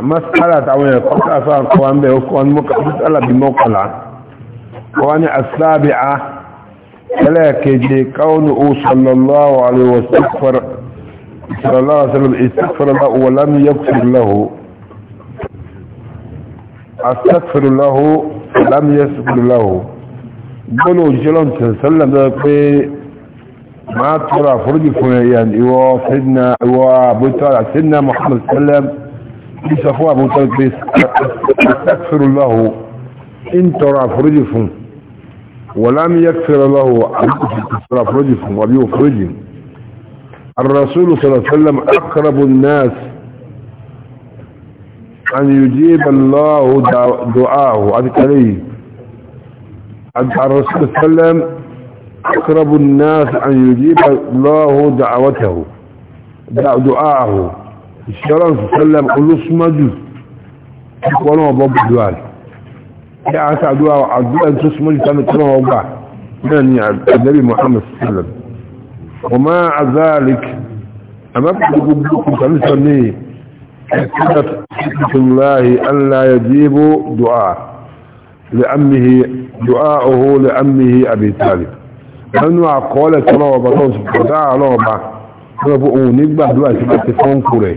مسألة عوية قلت أفان قوان به وقوان مقع مسألة بموقلة قوان السابعة فلاكي كونه صلى الله عليه وسلم صلى الله عليه وسلم استغفر الله ولم يغفر له استغفر الله ولم يغفر له قولوا جلون تسلم ذلك ما ترى فرج فنيان ايوا سيدنا ايوا محمد صلى الله عليه وسلم ìṣàfún ابو pé ṣàkfẹ́rù láhù ń tọrọ àforíjì fún wọ̀lámi yàkfẹ́rù láhù àbúkùsù àforíjì fún wàbí الرسول صلى الله عليه وسلم أقرب الناس أن يجيب الله دعاه عدك عليه الرسول صلى الله عليه وسلم أقرب الناس أن يجيب الله دعوته دعاه ìṣẹ́rọ̀ sẹ́lẹ̀m olóṣùmọ́jù ẹ̀kọ́ náà bọ́ bùdúwà rẹ̀ kí a sàdúwà àdúrà tó súnmọ́jù tánà tó náà gbà náà ni àdẹ́bì Muhammad sẹ́lẹ̀m ọmọ azalik àmọ́kùnkùn nínú àkọọ́lẹ̀ tọ́lọ́wọ́ bá tọ́sùn kọ̀dá àlọ́ọ̀bá lọ́pọ̀ òun nígbàdúrà sí pẹ̀tẹ̀ fọ́nkù rẹ̀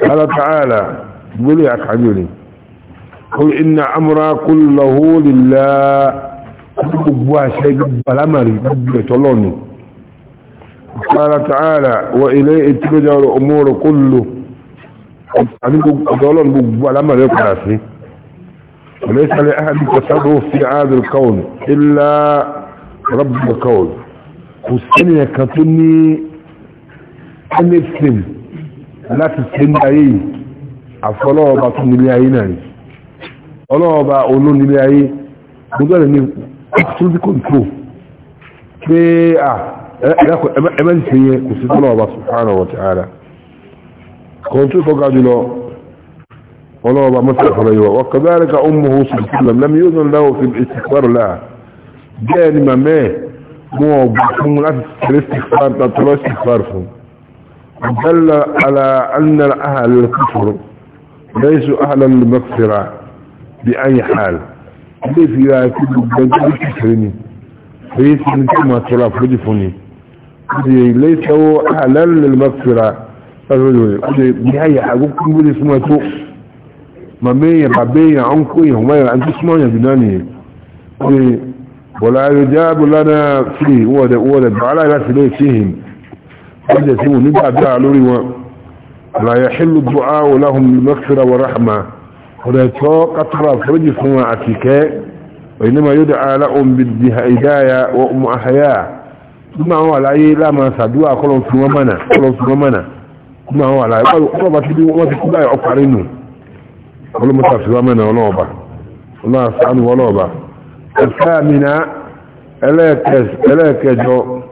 قال تعالى قل يا حبيبي قل إن أمر كله لله أبوا شيء مري يتولوني قال تعالى وإليه تبدا الأمور كله أدولون بالأمر يقرأسي وليس لأحد تصرف في هذا الكون إلا رب الكون والسنة كتني أنفسي láti sílé ayé yìí àfọlọ́ọba tún nílé ayé náà rí ọlọ́ọba oló nílé ayé gbogbo ní absolute control pé à ẹmẹ́sì yẹ kò sí tọ́lọ́ọba subhanahu wa ta'ala kọ̀ọ̀tún tó ga jùlọ ọlọ́ọba mọ́sílẹ̀ fọ́lọ́yọ wakadhalika ummuhu sallam lam yuzun lahu fi istikbar láà bẹ́ẹ̀ ni màmẹ́ mọ́ ọgbà دل على أن أهل الكفر ليسوا أهلا للمغفره بأي حال ليس يأكل بجل كفرني ليس كما ترى فرجفني ليس هو أهلا للمغفرة بأي حال ممكن يقول اسمه سوء مامية بابية عنكوية أنت اسمه يبناني ولا يجاب لنا فيه ولا يجاب لنا فيه ọjọ́ tí wọ́n nígbà dára lórí wọn láyé hìlú du'a olahun mafira wa rahma ọ̀rẹ́ tó kátàrà fúrújì fún wọn àti kẹ́ ìnímọ̀ yóò dá ara ohun bí i ìdáyà wa umu ahaya kuma wọn wà láyé láàmà sàdúwà kọlọ̀ fún wọn mọ̀nà kuma wọn wà láyé kọlọ̀ bá ti bí wọ́n ti kú ọkùnrin nù ọlọ́mọta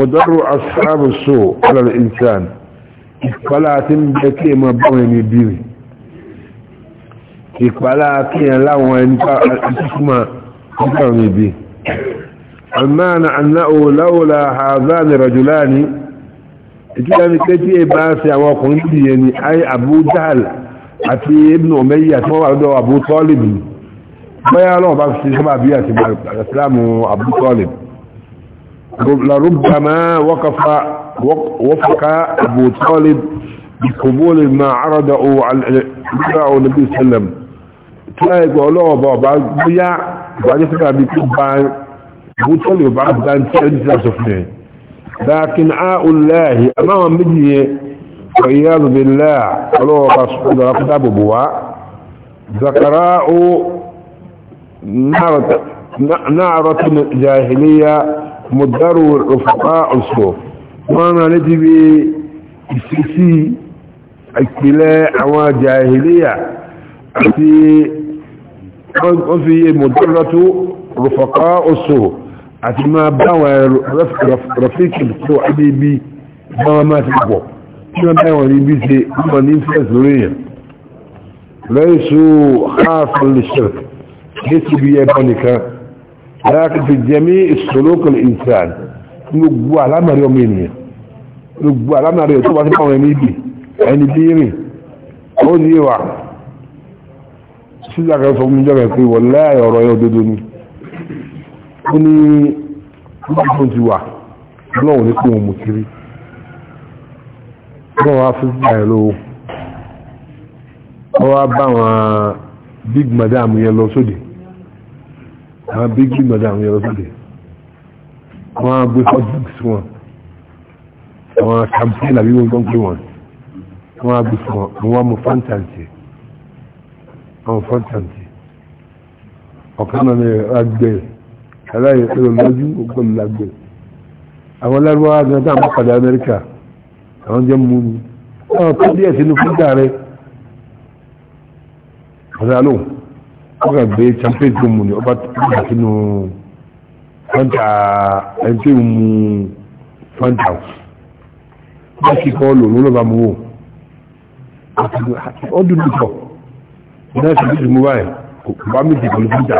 وضر أصحاب السوء على الإنسان إقبالا تنبكي ما بوين يديني إقبالا كي لا وين تسمى بوين يديني المعنى أنه لولا هذان رجلان إجلان كتي باسي وقل يعني أي أبو جهل أتي ابن أمية وأبو طالب ما يعلم بس شباب يأتي بأسلام أبو طالب لربما وقف وفق أبو طالب بقبول ما عرضه على النبي صلى الله عليه وسلم تلاقي قالوا بابا بيا بعد فكرة بيكون أبو طالب بعد بان تلاقي سفنين لكن آء الله أمام مجيه والعياذ بالله قالوا رسول الله بوا ذكراء نعرة نعرة جاهلية mọ̀dáró rọ̀fà ọ̀sọ̀ wọ́n rán létí bí ìfisí ìpìlẹ̀ àwọn jàhílíyà àti wọ́n fi yé mọ̀dáró tó rọ̀fà ọ̀sọ̀ àti máa báwọn rọ̀fíkì tó adébí báwọn máa ti pọ̀ tí wọ́n báwọn ní bí ṣe wọ́n ní fẹ́ẹ̀sì lórí لكن في جميع سلوك الإنسان gbogbo alámàrí ọmọ ènìyàn gbogbo alámàrí ẹ̀ tó bá sí àwọn ẹni ibi ẹni bí rìn ó ní ìwà síjàkà sọ fún ìjọba pé wọ́n láàyè ọ̀rọ̀ ẹ̀ òdodo ni ó ní ìgbàgbọ́ ti wà lọ́wọ́ ní kí wọ́n mú kiri wọ́n wá fún ìgbà ẹ̀ lówó wọ́n wá bá wọn big madam yẹn lọ sóde àwọn bíbí mọ̀dá àwọn yọrọ sókè wọ́n á gbé hot books wọn àwọn campaign àbí wọ́n gbọ́n pé wọn wọ́n á gbé fún wọn wọ́n mú fantasy àwọn fantasy ọ̀kan náà ní agbẹ́ aláyẹ ẹ̀rọ lọ́jú ọgbọ́n lágbẹ́ àwọn lárúbáwá gan tá à ń bá padà amẹ́ríkà àwọn jẹ́ mú mi àwọn kọ́ díẹ̀ sínú fúdà rẹ̀ ọ̀dà lóhùn ọgbà gbé champagne tó mu ni ọba tó sínú fanta ẹni tó mu fanta bá kí kọ́ lò ló lọ́ba mu wò ọdún tó tọ̀ náà ṣe bí mo báyìí kò bá mi ti pẹ̀lú fanta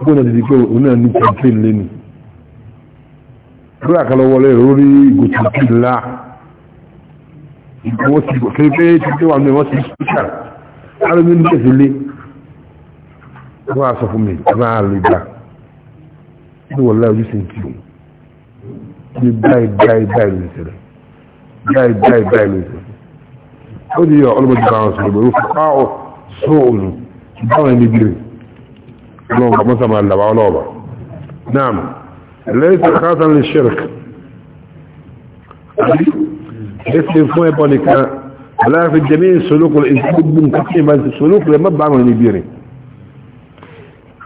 gbọ́n náà ti di pé òun náà ní champagne lẹ́nu lórí àkàlọ́ wọlé lórí gòtìkì ńlá ìgbọ́n ti kékeré ti wà ní wọ́n ti ṣíṣà alómi ní kẹsì lé wọ́n á sọ fún mi ẹ máa lè gbà ní wọ́n láyé ojúṣe ń kí o ní báyìí báyìí báyìí ló ń ṣẹlẹ̀ báyìí báyìí báyìí ló ń ṣẹlẹ̀ ó ní ọlọ́mọdé bá wọn sọ̀rọ̀ lórí fún káwọ́ sóòlù báwọn ẹni gbèrè ọlọ́run kàmọ́ sàmà làbá ọlọ́ọ̀bà náà ẹlẹ́yìn sàkátà lè ṣẹ̀rẹ̀k ẹsẹ̀ fún ẹbọ nìkan aláàfin jẹ́mí sọlókùn ìsìnkú gbùn kàkí ìbá sọlókùn ẹ̀ ẹni gbèrè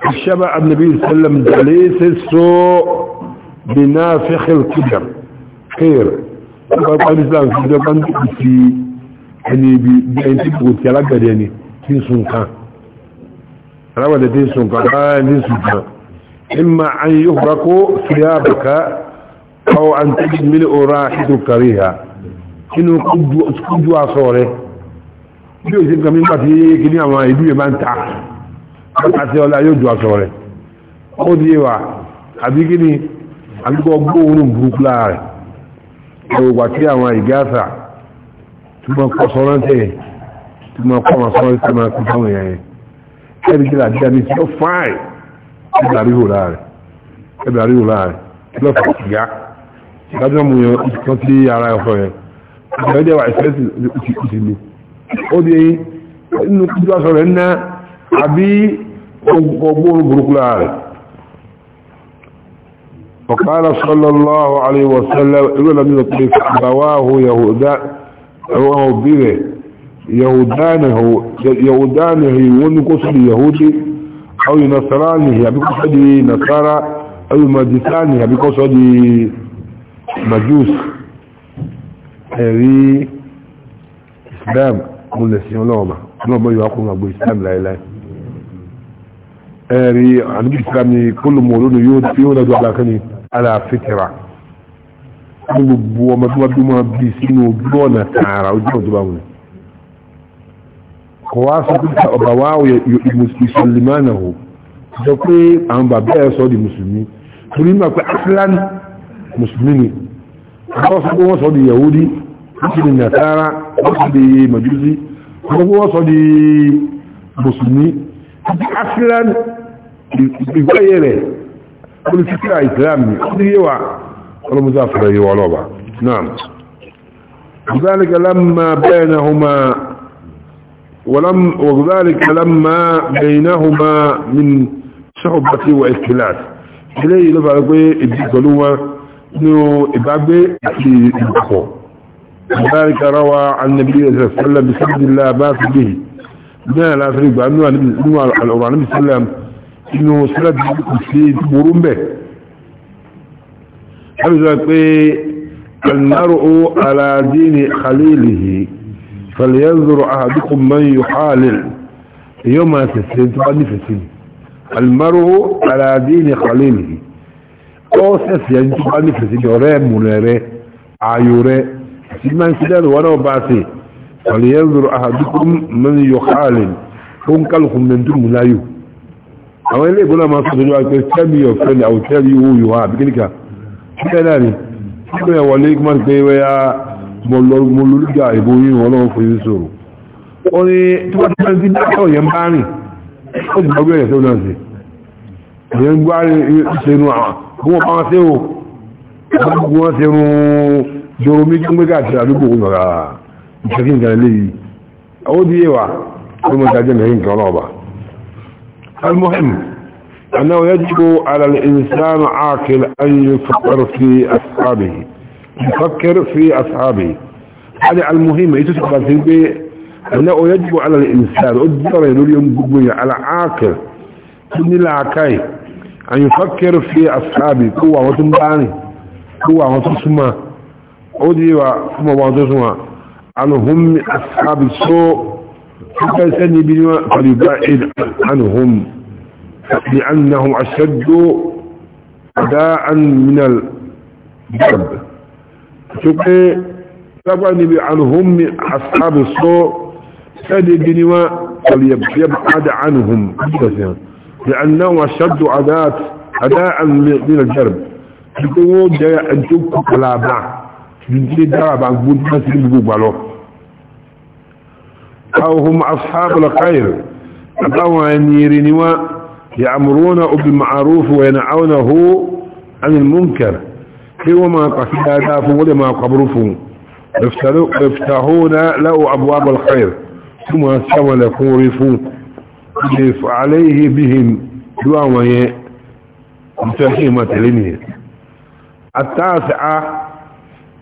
الشبع النبي صلى الله عليه وسلم ليس السوء بنافخ الكبر خير فقال الإسلام في ذلك في يعني بأن تبقوا تلقى يعني في سنقان روى لدي سنقان سنقان إما أن يغرق ثيابك أو أن تجد ملء راحتك ريها إنه قدوا صوره يقول لك من قد يكني أما يدوي من تحت àti ọlá yóò ju aṣọ rẹ̀ ó di wa àbí kí ni àdúgbò gbóòórùn burúkú láàrẹ̀ ẹ̀wògbà tí àwọn ìgáàsà tí wọ́n kọ́ sọ rántẹ̀ tí wọ́n kọ́ wọn sọ́rọ̀ tí wọ́n kọ́ sáwọn èèyàn yẹn ẹ̀rí kí làdí àmì tí ó fáì ẹ̀bẹ̀ àríwò láàrẹ̀ ẹ̀bẹ̀ àríwò láàrẹ̀ tí lọ́ fà ìgá ìdájọ́ mu yẹn kan sí ara ẹ̀fọ́ yẹn ìgbà ìdẹ́wà ìfẹ́sì ìtìlú ó di inú kújú aṣọ rẹ̀ ń ná àbí وقبور برك العالي وقال صلى الله عليه وسلم إذا لم يطلق أبواه يهودا أبواه بيره يهودانه يهودانه ونقصد يهودي أو نصرانه بقصد نصارى أو مجسانه بقصد مجوس هذه إسلام قلنا سيولوما نوبا يحكم أبو إسلام لا إله ẹ̀rí àníbí islam ni kúlù mọ̀lónú yóò tí ó lọ́dọ̀ alákan ní aláfíkìrà ní gbogbo ọmọ tó bá bí máa bí sínú ojú ọ̀nà tààrà ojú ọ̀tọ́ bá wọn kò wá sọ pé ọba wa ìmùsùlùmánà hù sọ pé àwọn bàbá ẹ̀ sọ di mùsùlùmí torí nígbà pé aslan mùsùlùmí ni wọ́n sọ pé di yahudi wọ́n sọ di nasara di majusi wọ́n sọ di mùsùlùmí أصلا بغيره كل فكرة إسلامي هذه يوع المزافرة يوع لوبا نعم وذلك لما بينهما ولم وذلك لما بينهما من صحبة واختلاف إليه لبا لقوي قلوة إنه إبابي في إبقو وذلك روى عن النبي صلى الله عليه وسلم بسبب الله باس به bẹ́ẹ̀ láti gbà nínú àlọ́rọ̀ àníbi sílẹ̀ inú sílẹ̀ kò sí burú ń bẹ̀ láti sọ pé alnaru aladini khalilihi falyanzuru ahadukum man yuhalil èyí ma tẹ̀sẹ̀ tó bá nífẹ̀ẹ́ sí almaru aladini khalilihi ó sẹ̀sẹ̀ tó bá nífẹ̀ẹ́ sí ọ̀rẹ́ mùnẹ̀ rẹ̀ ayò rẹ̀ sí máa ń sílẹ̀ wọ́n náà bá sí فلينظر أحدكم من يحالل هم كالكم من دم لا يو àwọn ilé ìbúná máa sọ́dọ̀ tell me your friend i will tell you who you are bí kíníkà ṣíkẹ́ náà ni ṣíkẹ́ yẹn wọlé kí máa ń pé wẹ́yà mo lólúgbà ìbò yìí wọn lọ́wọ́ fún yìí sọ̀rọ̀ ó ní tí wọ́n ti máa ń ti dákọ̀ yẹn bá rìn ó sì gbàgbé ẹ̀yẹ̀ tó náà sí ìyẹn ń gbá ìṣẹ́nu àwọn bí o bí wọ́n ṣe rún joro méjì ń gbé káàkiri àdúgbò wọn مشاكين كان لي اودي يوع إيه ثم تعجم هين كرابة المهم انه يجب على الانسان عاقل ان يفكر في اصحابه يفكر في اصحابه هذا المهم يتسبب في انه يجب على الانسان اجبر اليوم على عاقل ان لا كاي ان يفكر في اصحابه قوة وتنباني قوة وتسمى اودي وما إيه وتسمى عنهم أصحاب السوء حتى سني بنواء فليبعد عنهم لأنهم أشد أداء من الضرب تبقى تبعني عنهم أصحاب السوء سني بنواء فليبعد عنهم لأنهم أشد أداء أداء من الضرب تبقى جاء أنتم كلابا جنسي أو هم أصحاب الخير يأمرون بالمعروف وينعونه عن المنكر هو ما قصد هدافه ولما قبرفه يفتحون له أبواب الخير ثم سوى لكم يجف عليه بهم دعوة متحيمة لنه التاسعة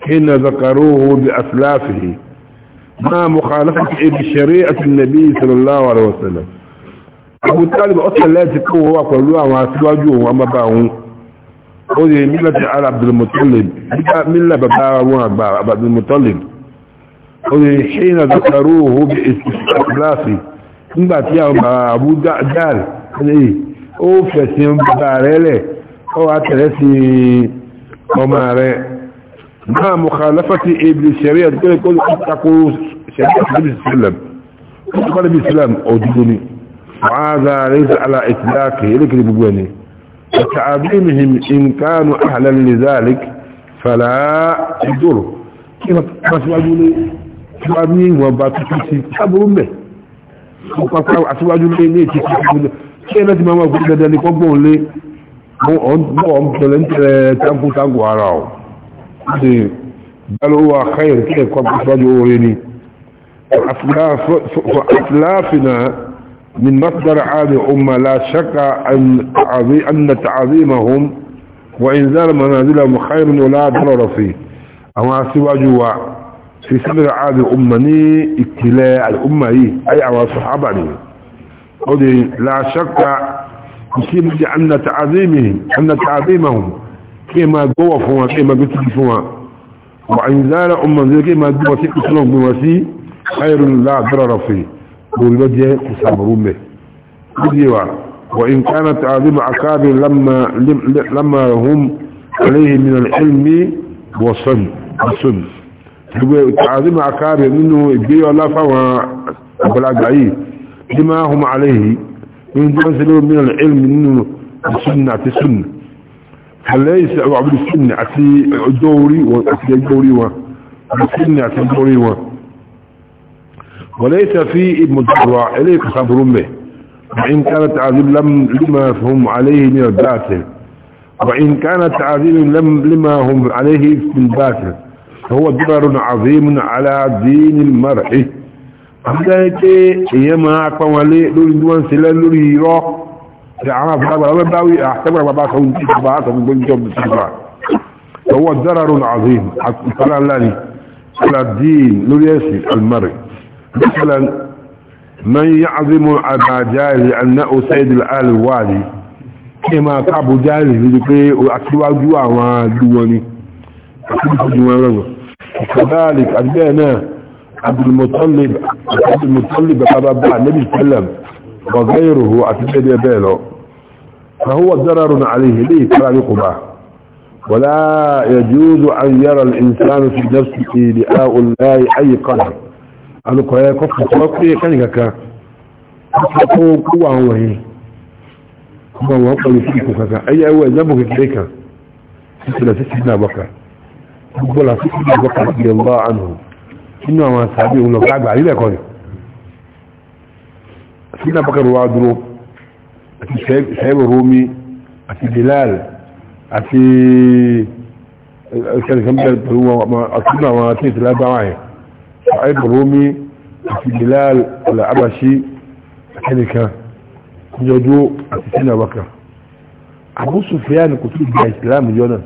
حين ذكروه بأسلافه ما مخالفته بشريعة النبي صلى الله عليه وسلم أبو طالب أصلا لا تكون هو قلوها وأسواجه وما باعه خذ ملة على عبد المطلب ملة بابا عبد المطلب خذ حين ذكروه بأسلافه nígbà tí àwọn àbú dáàlì ní ó fẹ̀sìn bàbá rẹ̀ lẹ̀ ọwà tẹ̀lẹ́sìn ọmọ rẹ̀ مع مخالفة ابن الشريعة كده يقول اتقوا شريعة النبي صلى الله عليه وسلم قال النبي السلام اوجدني وهذا ليس على اطلاقه لك بجواني وتعظيمهم ان كانوا اهلا لذلك فلا يدور كيف بس واجوني كلامي وباتكسي كبر به وقال اسواجو لي ني تي كي نتي ما ما غدا ني كوبون لي مو اون مو اون تلنت تانكو تانكو اراو بل هو خير كده قد أخرجه أوريني فأسلافنا من مصدر هذه الأمة لا شك أن أن تعظيمهم وإنزال منازلهم خير ولا ضرر فيه أما سوى جوا في سمر هذه الأمة ني ابتلاء الأمة هي أي أما صحابني لا شك يسمى أن تعظيمهم أن تعظيمهم kí ma gbọ́wọ̀ fún wa kí ma gbé títí fún wa wà ní zára ọmọ zai kí ma gbọ́wọ̀ sí ìtúnà gbé wa sí ayẹrùn láàbẹ̀rẹ̀ rọ̀fẹ̀ lórí lọ jẹ́ kùsàmùrú mẹ́ gúdíwa wà in kánà tààzí ma akábi lamma hum aléhi min al'ilmi wa sun tààzí ma akábi nínú ìgbéyọ láfáwọn àgbàlagbà yìí ليس أو عبد السنة أتي الدوري وأتي الدوري و السن أتي الدوري و وليس في ابن الدرع إليك خبر به وإن كانت عظيم لم لما هم عليه من الباطل وإن كانت عظيم لم لما هم عليه من الباطل فهو دبر عظيم على دين المرء أما ذلك يما قولي لولي دوان سلا لولي روح دعانا فلاغ ولا باوي احتمر بابا كون ضرر عظيم على الدين لليسي المرء مثلا من يعظم أبا جاهل أنه سيد الآل والي كما ابو جاهل يقول وأكسوا جوا ودواني أكسوا كذلك وكذلك عبد المطلب عبد المطلب قال النبي صلى الله عليه وسلم وغيره أتبع بيله فهو ضرر عليه ليه فلا يقبع ولا يجوز أن يرى الإنسان في نفسه لآء الله أي قدر أنك يا كفر توقي كنكك أتقوا قوة وهي قوة وقل فيك كك أي أول ذنبك كليك سلسلة سيدنا بكر قبل سيدنا بكر رضي الله عنه إنما ما سابقه لك عب عليك سيدنا بكر وعدروه àti sẹ́ẹ̀bù romi àti bilal àti ìṣẹ́lẹ̀kẹ́mẹ́lẹ̀ eh, pẹ̀lú àtúnú àwọn àti ìṣẹ́lẹ̀gbáwà yẹn sẹ́ẹ̀bù romi àti bilal ọ̀là abashi ẹnìkan jọjú àti sínú àbákan Abu Sufyan kò tún gba ìsìlámù jọ náà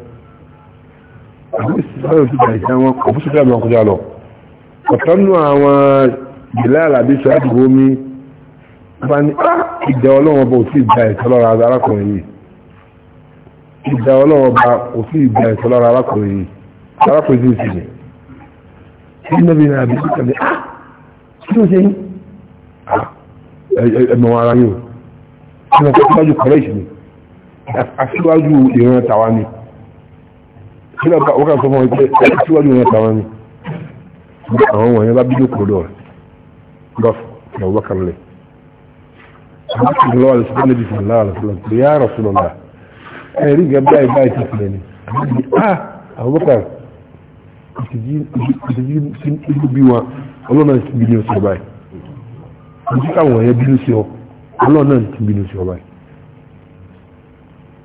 Abu Sufyan kò tún gba ìsìlámù wọn Abu Sufyan wọn kọjá lọ ọ̀tọ́nú àwọn bilal àbí sọ́ọ́dù ìdá ọlọ́wọ́ bá òsì ìgbà ìtọ́lọ́ra arákùnrin yìí ìdá ọlọ́wọ́ bá òsì ìgbà ìtọ́lọ́ra arákùnrin yìí arákùnrin yìí sì ni kí níbi náà bí kíkà ní kí ló ṣe yín ah! ẹ̀mọ̀ ara yóò kí wọ́n fẹ́ síwájú kọ́lẹ́ ìṣẹ̀lẹ̀ aṣíwájú ìran tàwa ni kí lọ́ka ó kà sọ fún wọn pé aṣíwájú ìran tàwa ni àwọn wọ̀nyẹn bá bí lókòó lọ́ọ̀ lọ́ọ̀ lọ́ọ̀ wọ́kànlẹ̀ صلى الله عليه وسلم النبي صلى الله عليه وسلم يا رسول الله ẹ̀rí gẹ̀bẹ́ ẹ̀bá ìtìsílẹ̀ ni àbúkà ìtìjú bí wọn ọlọ́nà ti bínú sí ọba yìí ojú káwọn ẹ̀yẹ bínú sí ọ ọlọ́nà ti bínú sí ọba yìí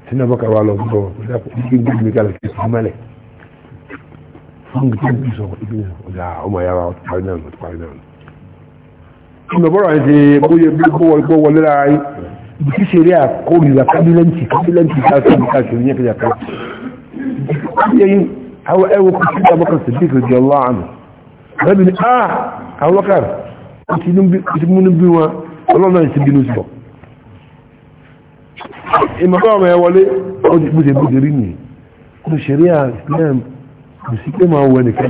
sínú àbúkà wa lọ gbọ́ ní gbogbo mi kálẹ̀ sí ìsúnmọ́lẹ̀ fún gbogbo ìsọ̀kọ̀ ìbínú ọjà ọmọ yàrá ọtí ìlọ̀bọ̀rọ̀ àti bóyẹ bó wọlé lára yìí bí kí ṣe rí àkórìlà kábílẹ̀ǹtì kábílẹ̀ǹtì káàkiri káàkiri ní ẹ̀kẹ́jà kan yẹyìn àwọn ẹwọ kò sí àbọ́kà sadiq rẹ̀ jẹ́ láàánù rẹ̀bí ni ah àwọn lọ́kàr ti múnú bí wọn ọlọ́nà ti bínú sọ ìmọ̀kọ́ ọmọ ẹ wọlé bùsẹ̀ bùsẹ̀ rí nìyí kò ṣe rí àìsílẹ̀m kò sí pé máa wọ ẹnìkan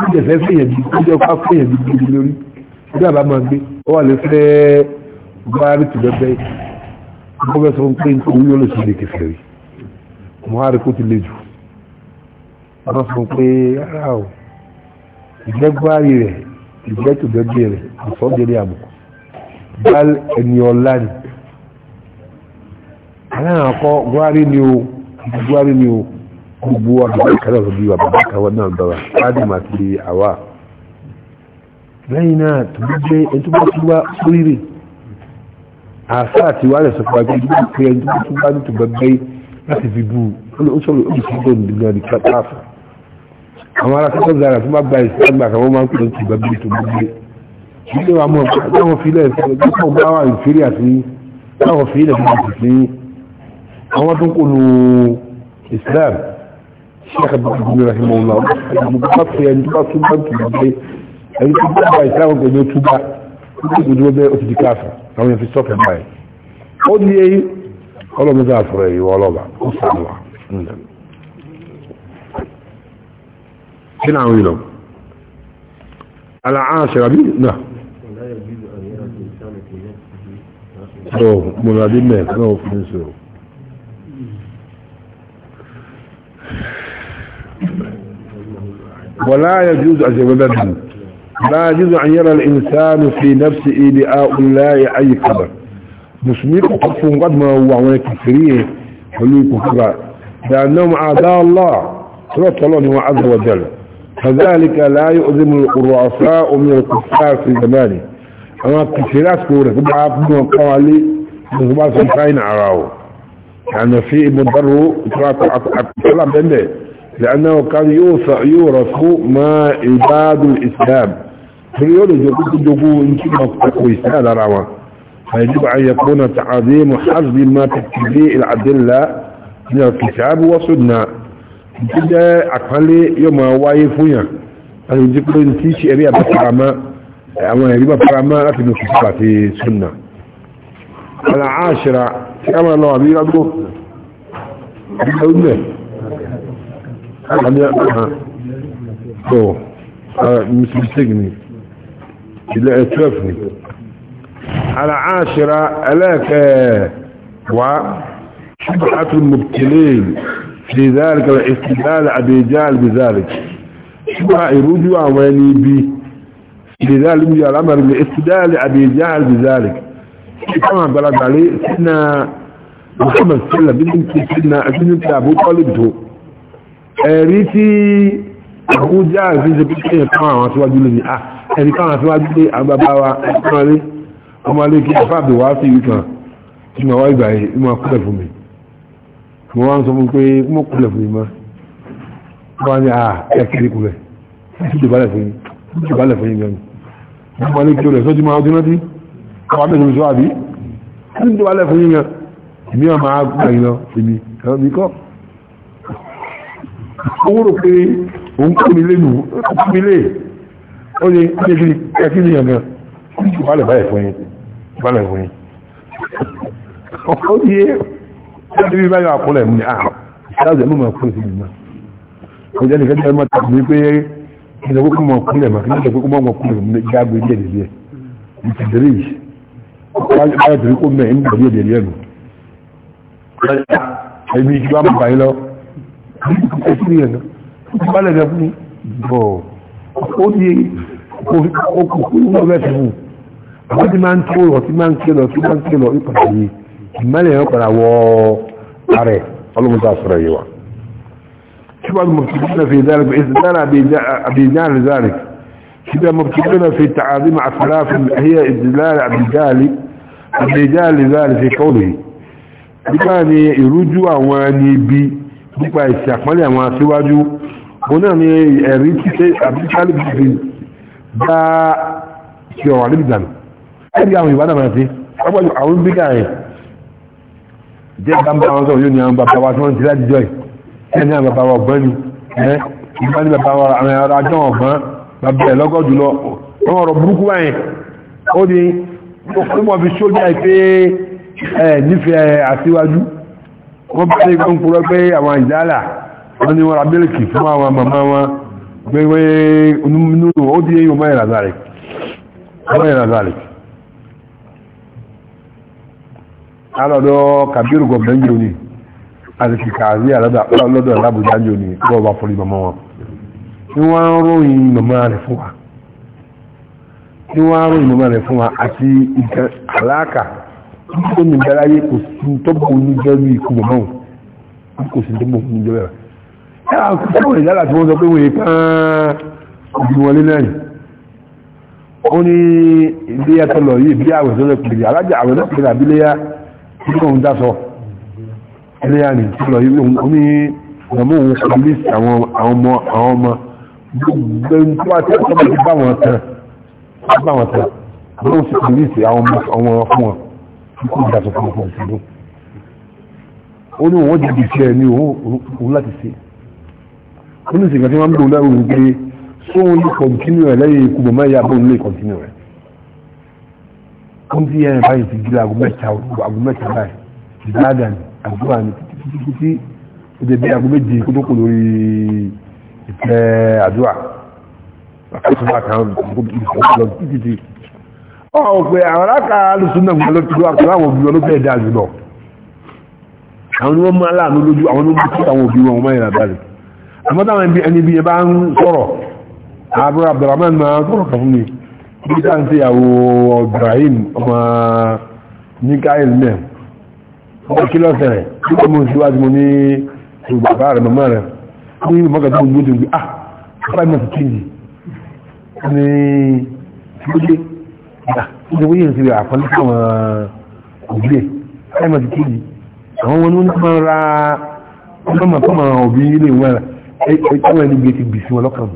ó jẹ fẹ́ fẹ́yẹ̀ bí ó jẹ́ ká fẹ́yẹ̀ bí gbogbo lórí ọjọ́ àbá máa gbé ó wà lè fẹ́ gbárí tì lọ́fẹ́ ó fẹ́ sọ pé nǹkan òun yóò lè ṣe lè kẹfẹ́ rí mọ́ àrí kó ti le jù wọ́n sọ pé ara o ìjẹ́ gbárí rẹ̀ ìjẹ́ tó gbẹ́gbẹ́ rẹ̀ ìsọ́jẹ́lẹ̀ àbùkù bá ẹni ọlá ni aláàkọ́ gbárí ni o gbárí ni o gbogbo wa bàbá ìkàlà ọ̀rọ̀ bí wa bàbá ìkàwà náà bàbá fáàdì máa ti àwa lẹ́yìn náà tó bí gbé ẹni tó bá tún wá sóríire àṣà àti wà lẹ̀ sọ̀kọ̀ àgbẹ̀ ìdílé pé ẹni tó tún wá ní tó bẹ́ẹ̀ láti fi bú ó sọ̀rọ̀ ó sì fi bọ̀ nínú ẹni káfà àwọn ará tó tọ́jú ara tó bá gba ìsìlágbà kan wọ́n máa ń pè ní tó bá gbé wa mọ̀ táwọn filẹ̀ táwọn bá wà ìfẹ́rẹ́ àti táwọn filẹ̀ tó bá ti fi àwọn tó ń kó lu Islam sheikh abdulhamid rahimahullah mọ̀gbọ́n pé ẹni tó bá tún bá tún bá ẹni tó bá bá ìsìlámù pẹ̀lú ó tún bá ó tún bá ó ti di káàfù àwọn yẹn fi sọ́ọ̀kẹ́ báyìí ó di èyí ọlọ́mọdé àfọ̀rọ̀ èyí wọ ọlọ́ba ó sàmùwà kí náà wí lọ aláàṣẹ àbí náà tó mọ̀lá dé mẹ́ẹ̀ẹ́ náà ó fi ń ولا يجوز أجبدا لا يجوز أن يرى الإنسان في نفسه لآء الله أي قدر مسلمين قطفهم قد ما هو كفريه حلوك كفراء لأنهم أعداء الله سورة الله عز وجل فذلك لا يؤذن الرؤساء من الكفار في زمانه أما كفرات كورة كبعا أبنوا قوالي مصبار سلطين عراو يعني في مضره إطلاق السلام بأنه لأنه كان يوصع يورث ما عباد الإسلام فليون جوكو جوكو انتم مفتقوا إسالة روا فيجب أن يكون تعظيم حرز ما تكتبيه الأدلة من الكتاب والسنة جدا أقل يوم وايفويا أن يجب أن تيشي أبي أبقرما أما يجب أبقرما لكن الكتابة السنة العاشرة كما الله أبي أنا أه مش بيسجني لا اتوفني على عاشرة ألاك وشبحة المبتلين في ذلك الاستدلال أبي جال بذلك شبهة رجوع واني بي لذلك يجي الأمر الاستدلال أبي جال بذلك كما بلد عليه سنة محمد صلى الله عليه وسلم سنة أبو طالبته ẹ̀rí tí àkújá àfin ṣe pípẹ́ yẹn fún àwọn aṣíwájú lè ní ẹni fún àwọn aṣíwájú lè agbábá wa ọmọlé ọmọlé kí afá àbẹ̀wá sí ìwé kan tí màá wá ìgbà yìí ní máa kúlẹ̀ fún mi mo wá ń sọ fún pé kí mo kúlẹ̀ fún mi mọ́ wọ́n á ní à ẹ̀kẹ́rì kúlẹ̀ kí ìjọbalẹ̀ fún yín kí ìjọbalẹ̀ fún yín gan ni ọmọlé kí o lè sọ́jú máa ọdún náà tí àwọn àbẹ̀ ìjọbalẹ̀ fún yín gan owó rò pé òun kò nílé nù kò nílé ó lè kí ni kí ni yàngàn balẹ̀ báyìí fún yín balẹ̀ fún yín ó ní yé láti bí báyìí àkọlẹ̀ mú ni à láti ẹ̀mú máa kúrò sí mi náà ó jẹ́ nìkan jẹ́ máa tàbí pé ìjọ kókó máa kúrò mà kí ní ìjọ kókó máa kúrò mú ní jágbe díẹ̀ díẹ̀ ìtìdírí báyìí tìrí kó mẹ́ ń bọ̀ díẹ̀ díẹ̀ nù ẹ̀mí ìjọba máa báyìí lọ ẹ̀sìn yẹn náà balẹ̀ rẹ̀ fún bọ̀ ó di okùnkùn náà bẹ́ẹ̀ fún un àwọn tí máa ń tó lọ tí máa ń ké lọ tí máa ń ké lọ ìpàdé yìí ìmọ̀lẹ̀ yẹn padà wọ ààrẹ ọlọ́mọdé àsọ̀rọ̀ yìí wa. شبه المبتدئين في ذلك باستدلال ابي جهل ذلك شبه المبتدئين في تعاظيم اسلاف هي استدلال ابي جهل ابي جهل ذلك في قوله بكان يرجو اواني بي nípa ìsì àpọ́nlé àwọn aṣíwájú òun náà ni ẹ̀rí títẹ́ àbíkálì bìbì bá ti ọ̀rọ̀ àlébì dànù ẹ̀rí àwọn ìwádà máa ti ọgbọ́jọ àwọn bíkà ẹ̀ jẹ́ bàbá wọn sọ̀rọ̀ yóò ní àwọn bàbá wa tí wọ́n ti láti jọ ẹ̀ ẹ̀ ní àwọn bàbá wa ọ̀gbọ́n ni ẹ̀ ìgbà ní bàbá wa àwọn ará jọ ọ̀gbọ́n bàbá ẹ̀ lọ́gọ́ jùlọ wọ́n ọ̀rọ̀ burúkú wáyẹn ó ní ó fi ṣó wọ́n bá ní gbọ́n fúrọ́ pé àwọn ìjálà wọ́n ni wọ́n ra mílìkì fún àwọn màmá wọn pé wé onúmínú ó dí èyí ọmọ ìrànzàrí ọmọ ìrànzàrí alọ́dọ̀ kàbírù gọ̀ọ̀bẹ̀ ń jò ní àti kàrí alọ́dọ̀ alábùjá jò ní gọ́ọ̀bà fún ìmọ̀mọ́ wọn ni wọ́n ròyìn màmá rẹ̀ fún wa ni wọ́n ròyìn màmá rẹ̀ fún wa àti ìkẹ́ àlákà kó ní bẹ́ẹ̀ láyé kò sí tó bọ̀ ní jẹ́rú ikú bọ̀ mọ́wọ́ kò sí tó bọ̀ ní jẹ́rú rẹ̀ ẹ̀rọ àwọn ìdára tí wọ́n sọ pé wọ́n yìí pán ojú wọlé náà yìí ó ní ilé ẹ̀tọ́ lọ yìí bí àwẹ̀ tó lọ é alájà àwẹ̀ náà pèlè àbíléyà tí kò ń dá sọ ẹlẹ́yà ní tí lọ yìí ó ní ìyàmú òun pọlísì àwọn ọmọ àwọn ọmọ gbogbo ẹni tó àti ẹ̀tọ́ bá wọn tán bá wọn tán àwọn ọmọ fún wọn kíkó ìdàtọ̀ fún ọkọ̀ òṣèlú ó ní òun jẹ̀bi tiẹ̀ ní òun láti ṣe ó ní ìsìnkà tí wọ́n ń lò lẹ́rù ní pé sóun lè kọ̀ǹtínú ẹ̀ lẹ́yìn ikú bọ̀ mẹ́yà bóun lè kọ̀ǹtínú ẹ̀ kọ́ńtì yẹn báyìí ti gíra àgọ́ mẹ́ta àgọ́ mẹ́ta báyìí ìdáàdà ni àdúrà ni títí ó jẹ́ bí àgọ́ méje kó tó kò lórí ìtẹ́ àdúrà àkókò bá kàn án kó tó kò lórí ìtẹ́ ọ̀ pé àwọn aláka alùsùnà wọn ló tó àkùrọ̀ àwọn òbí wọn ló fẹ́ dáa jùlọ àwọn ni wọ́n máa láàánú lójú àwọn ló kí àwọn òbí wọn wọ́n máa yàrá balẹ̀ àmọ́ táwọn ẹbí ẹni bí ẹ bá ń sọ̀rọ̀ àbúrò Abdulrahman máa sọ̀rọ̀ kan fún mi bí táà ń ṣe ìyàwó Ibrahim ọmọ Mikael mẹ́ ọmọ kí lọ́sẹ̀ rẹ̀ bí ọmọ ìṣíwájú mo ní bàbá rẹ̀ màmá rẹ̀ fún yìí mọ́kàtí mo gbójú pé ah bàbá mi ti kéjì ní ìgbójú ìjọba yìí ti rí àpọ́lé fáwọn òbí ẹ̀ ẹ̀mọ̀ ti kéjì àwọn wọn ní máa ra ọmọ ọmọ òbí ilé ìwé rẹ̀ ẹ̀kọ́ ẹni gbé ti gbèsè wọn lọ́kàn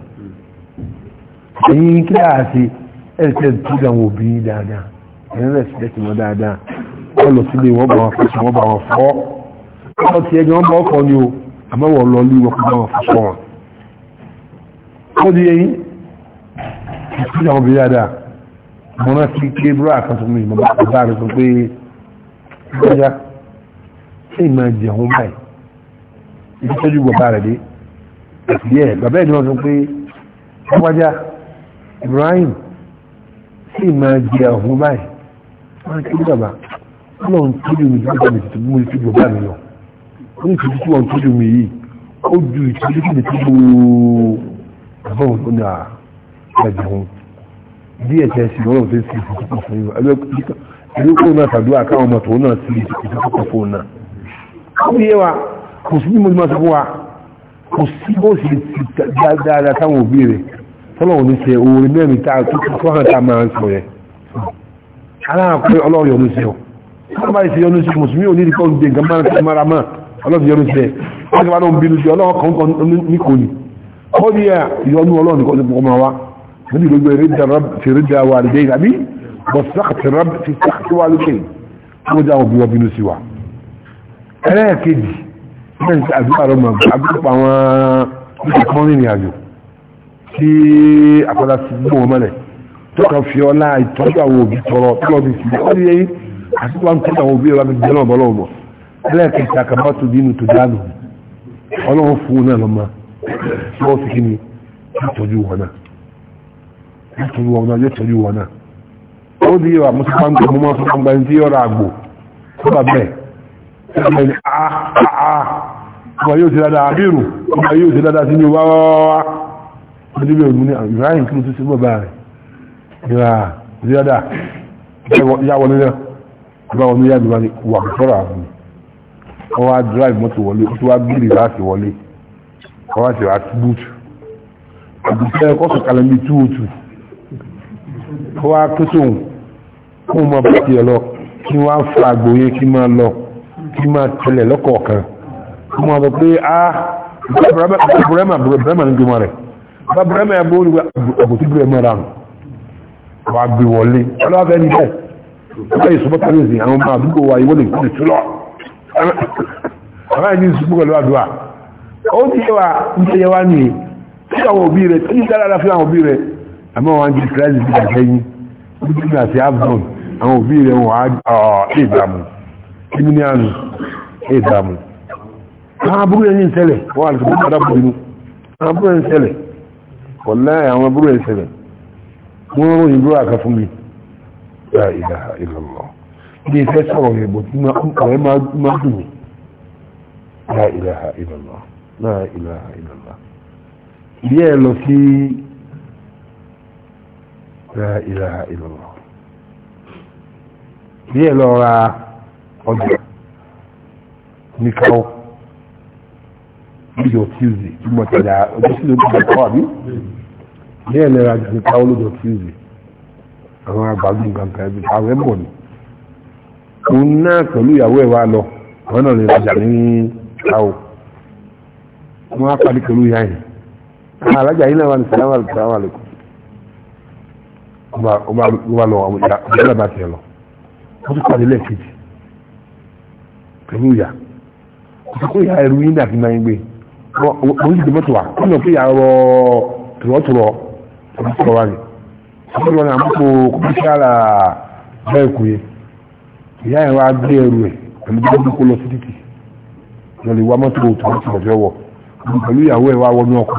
ẹ̀yìn kí á ṣe ẹ̀ṣẹ̀ tó dà wọn òbí dáadáa ẹ̀yìn rẹ̀ sì dẹ́kì wọn dáadáa wọ́n lọ sílé wọ́n bá wọn fọ́ṣọ wọ́n bá wọn fọ́ wọ́n ti ẹgbẹ́ wọn bá ọkọ̀ ni o àmọ́ wọ́n lọ lé wọn kó bá wọn mo rántí pé búrọ́ àkàtúntò mi mo bá rẹ̀ sọ pé ìgbàjá ṣé ìmọ̀ jẹun báyìí ibi tọ́jú bàbá rẹ̀ dé àti ẹ̀ bàbá ẹ̀ ni wọ́n sọ pé ìgbàjá Ibrahim ṣé ìmọ̀ jẹun báyìí wọ́n kí ní bàbá ọlọ́run tọ́jú mi bàbá mi tó mú ìtọ́jú bàbá mi lọ ó ní ìtọ́jú tí wọ́n tọ́jú mi yìí ó ju ìtọ́jú tí mi tó gbòòrò àbọ̀wọ̀n tó ní ah, díẹ̀ tẹ́ sí wọ́n fi sí ìfòkòkò fún yíò ẹlẹ́kọ́ náà tàdúrà káwọn ọmọ tòun náà sí ìfòkòkò fún náà ó yé wa kò sí bí mo máa sọ fún wa kò sí bó sì ti dáadáa táwọn òbí rẹ̀ tọ́lọ̀ òní ṣe orin mẹ́rin tá a tó tó hàn tá a máa ń sọ yẹn aláàpẹ ọlọ́run yọ̀nù sí ọ wọ́n bá ṣe yọ̀nù sí mùsùlùmí òní ìdíkọ́ ń de nǹkan máa ń sọ mara mọ́ ọlọ́run yọ̀nù sí ẹ wọ́n ti bá náà ń bínú sí ọlọ́run kan kan ní kò ní kọ́ bí ìyọnu ọlọ́run kọ́ من يقول رد الرب في رد والدين أبي والسخط الرب في سخط والدين وجاوب وبن سوى ألا كدي من أدوار رمضان أبقى ومتكونين يا جو tí àpàdà sí gbọ́n wọn mẹ́lẹ̀ tó kàn fi ọlá ìtọ́jú àwọn òbí tọrọ tọrọ bí sí ọ́ nílé yìí àti wọn tọ́jú àwọn òbí ọlá gbẹ̀rẹ̀ ọ̀bọ̀ lọ́wọ́ ẹlẹ́ẹ̀kẹta kàbá tó dínú tó dánù ọlọ́run fún un náà lọ́mọ tí wọ́n fi kí ni ìtọ́jú wọn náà nítorí wọn náà yóò tẹ̀lé wọn náà ó di ìwà mùsùlùmí mo máa fún ọgbà ẹni tí yọrọ àgbò tó bá bẹ́ẹ̀ ẹgbẹ́ ni àá ah, ah, ah, ọba yóò ti dáadáa àbírù ọba yóò ti dáadáa sí ní wá wá wá wọ́n ti bẹ̀rù ní Ibrahim kí mo tún sí bàbá rẹ̀ ìwà ti dáadáa yá wọlé náà ọba wọn yá ìgbà wà sọ́rọ̀ àbù wọ́n wá drive mọ́tò wọlé ó ti wá gbìrì láti wọlé wọ́n wá ti rà búùtù àbùkẹ́ kọ́sùn kalẹ̀ mi túwòtù oh wá tó tóun kó mọ bá tiẹ̀ lọ kí wọ́n á fa àgbòye kí máa lọ kí máa tẹlẹ̀ lọ́kọ̀ọ̀kan kí wọ́n sọ pé a bàbúrẹ́mà bàbúrẹ́mà ní gbọmọ rẹ̀ bàbúrẹ́mà ẹ̀bọ́ olùgbà àbòtí búrẹ́mà rà nù wà á gbé wọlé ọlọ́fẹ́ ní bẹ́ẹ̀ ọlọ́ ìṣòbọ́ tàbí ìsìn àwọn ọmọ àdúgbò wa ìwọ́n lè kúrò túlọ̀ àwọn ẹni ìṣòbọ́ pẹ̀lú àdúrà ó ti yẹ wa ń tẹ́yẹ wa nìyí tí àwọn òbí rẹ̀ tí ń dára fi àwọn òbí rẹ̀ àmọ́ wọn jẹ́ christ bí àtẹ́yìn nígbà àti abdon àwọn òbí rẹ̀ wọ́n àìbàmù kíníàánù àìbàmù àwọn abúrú ẹni ìṣẹ̀lẹ̀ wọ́n àti bó padà bùrú àwọn abúrú ẹni ìṣẹ̀lẹ̀ wọ́n láì àwọn abúrú ẹni ìṣẹ̀lẹ̀ wọ́n rán òyìnbó àkà fún mi lọ sí la ilaha illallah díẹ̀ lọ ra ọjà ní káwọ́ lójọ tuesday tí mo tẹ̀lé ọjọ́ sí ló gbọ́dọ̀ kọ́ àbí díẹ̀ lọ ra ọjà ní káwọ́ lójọ tuesday àwọn àgbàgbọ́n kankan ẹbí àwọn ẹ̀bọ̀ ni òun náà pẹ̀lú ìyàwó ẹ̀ wá lọ àwọn náà lè rajà ní káwọ́ wọ́n á pàdé pẹ̀lú ìyá yìí alájà yìí náà wà ní sàlámà àlùkò ó máa lọ àwọn ìyá ìyá bá tiẹ̀ lọ ó tún pàdé lẹ́ẹ̀kejì pẹ̀lú ìyá kò sí pé ìyá ẹrú yín dàbí máa ń gbé òun sì dé mọ́tò wa ó nà pé ìyá wa ni àwọn ìwọ̀n náà mọ́tò kọ́míṣálà bẹ́ẹ̀ kú yẹ ìyá ẹ̀ wá gbé ẹrú ẹ̀ pẹ̀lú wọ́n kó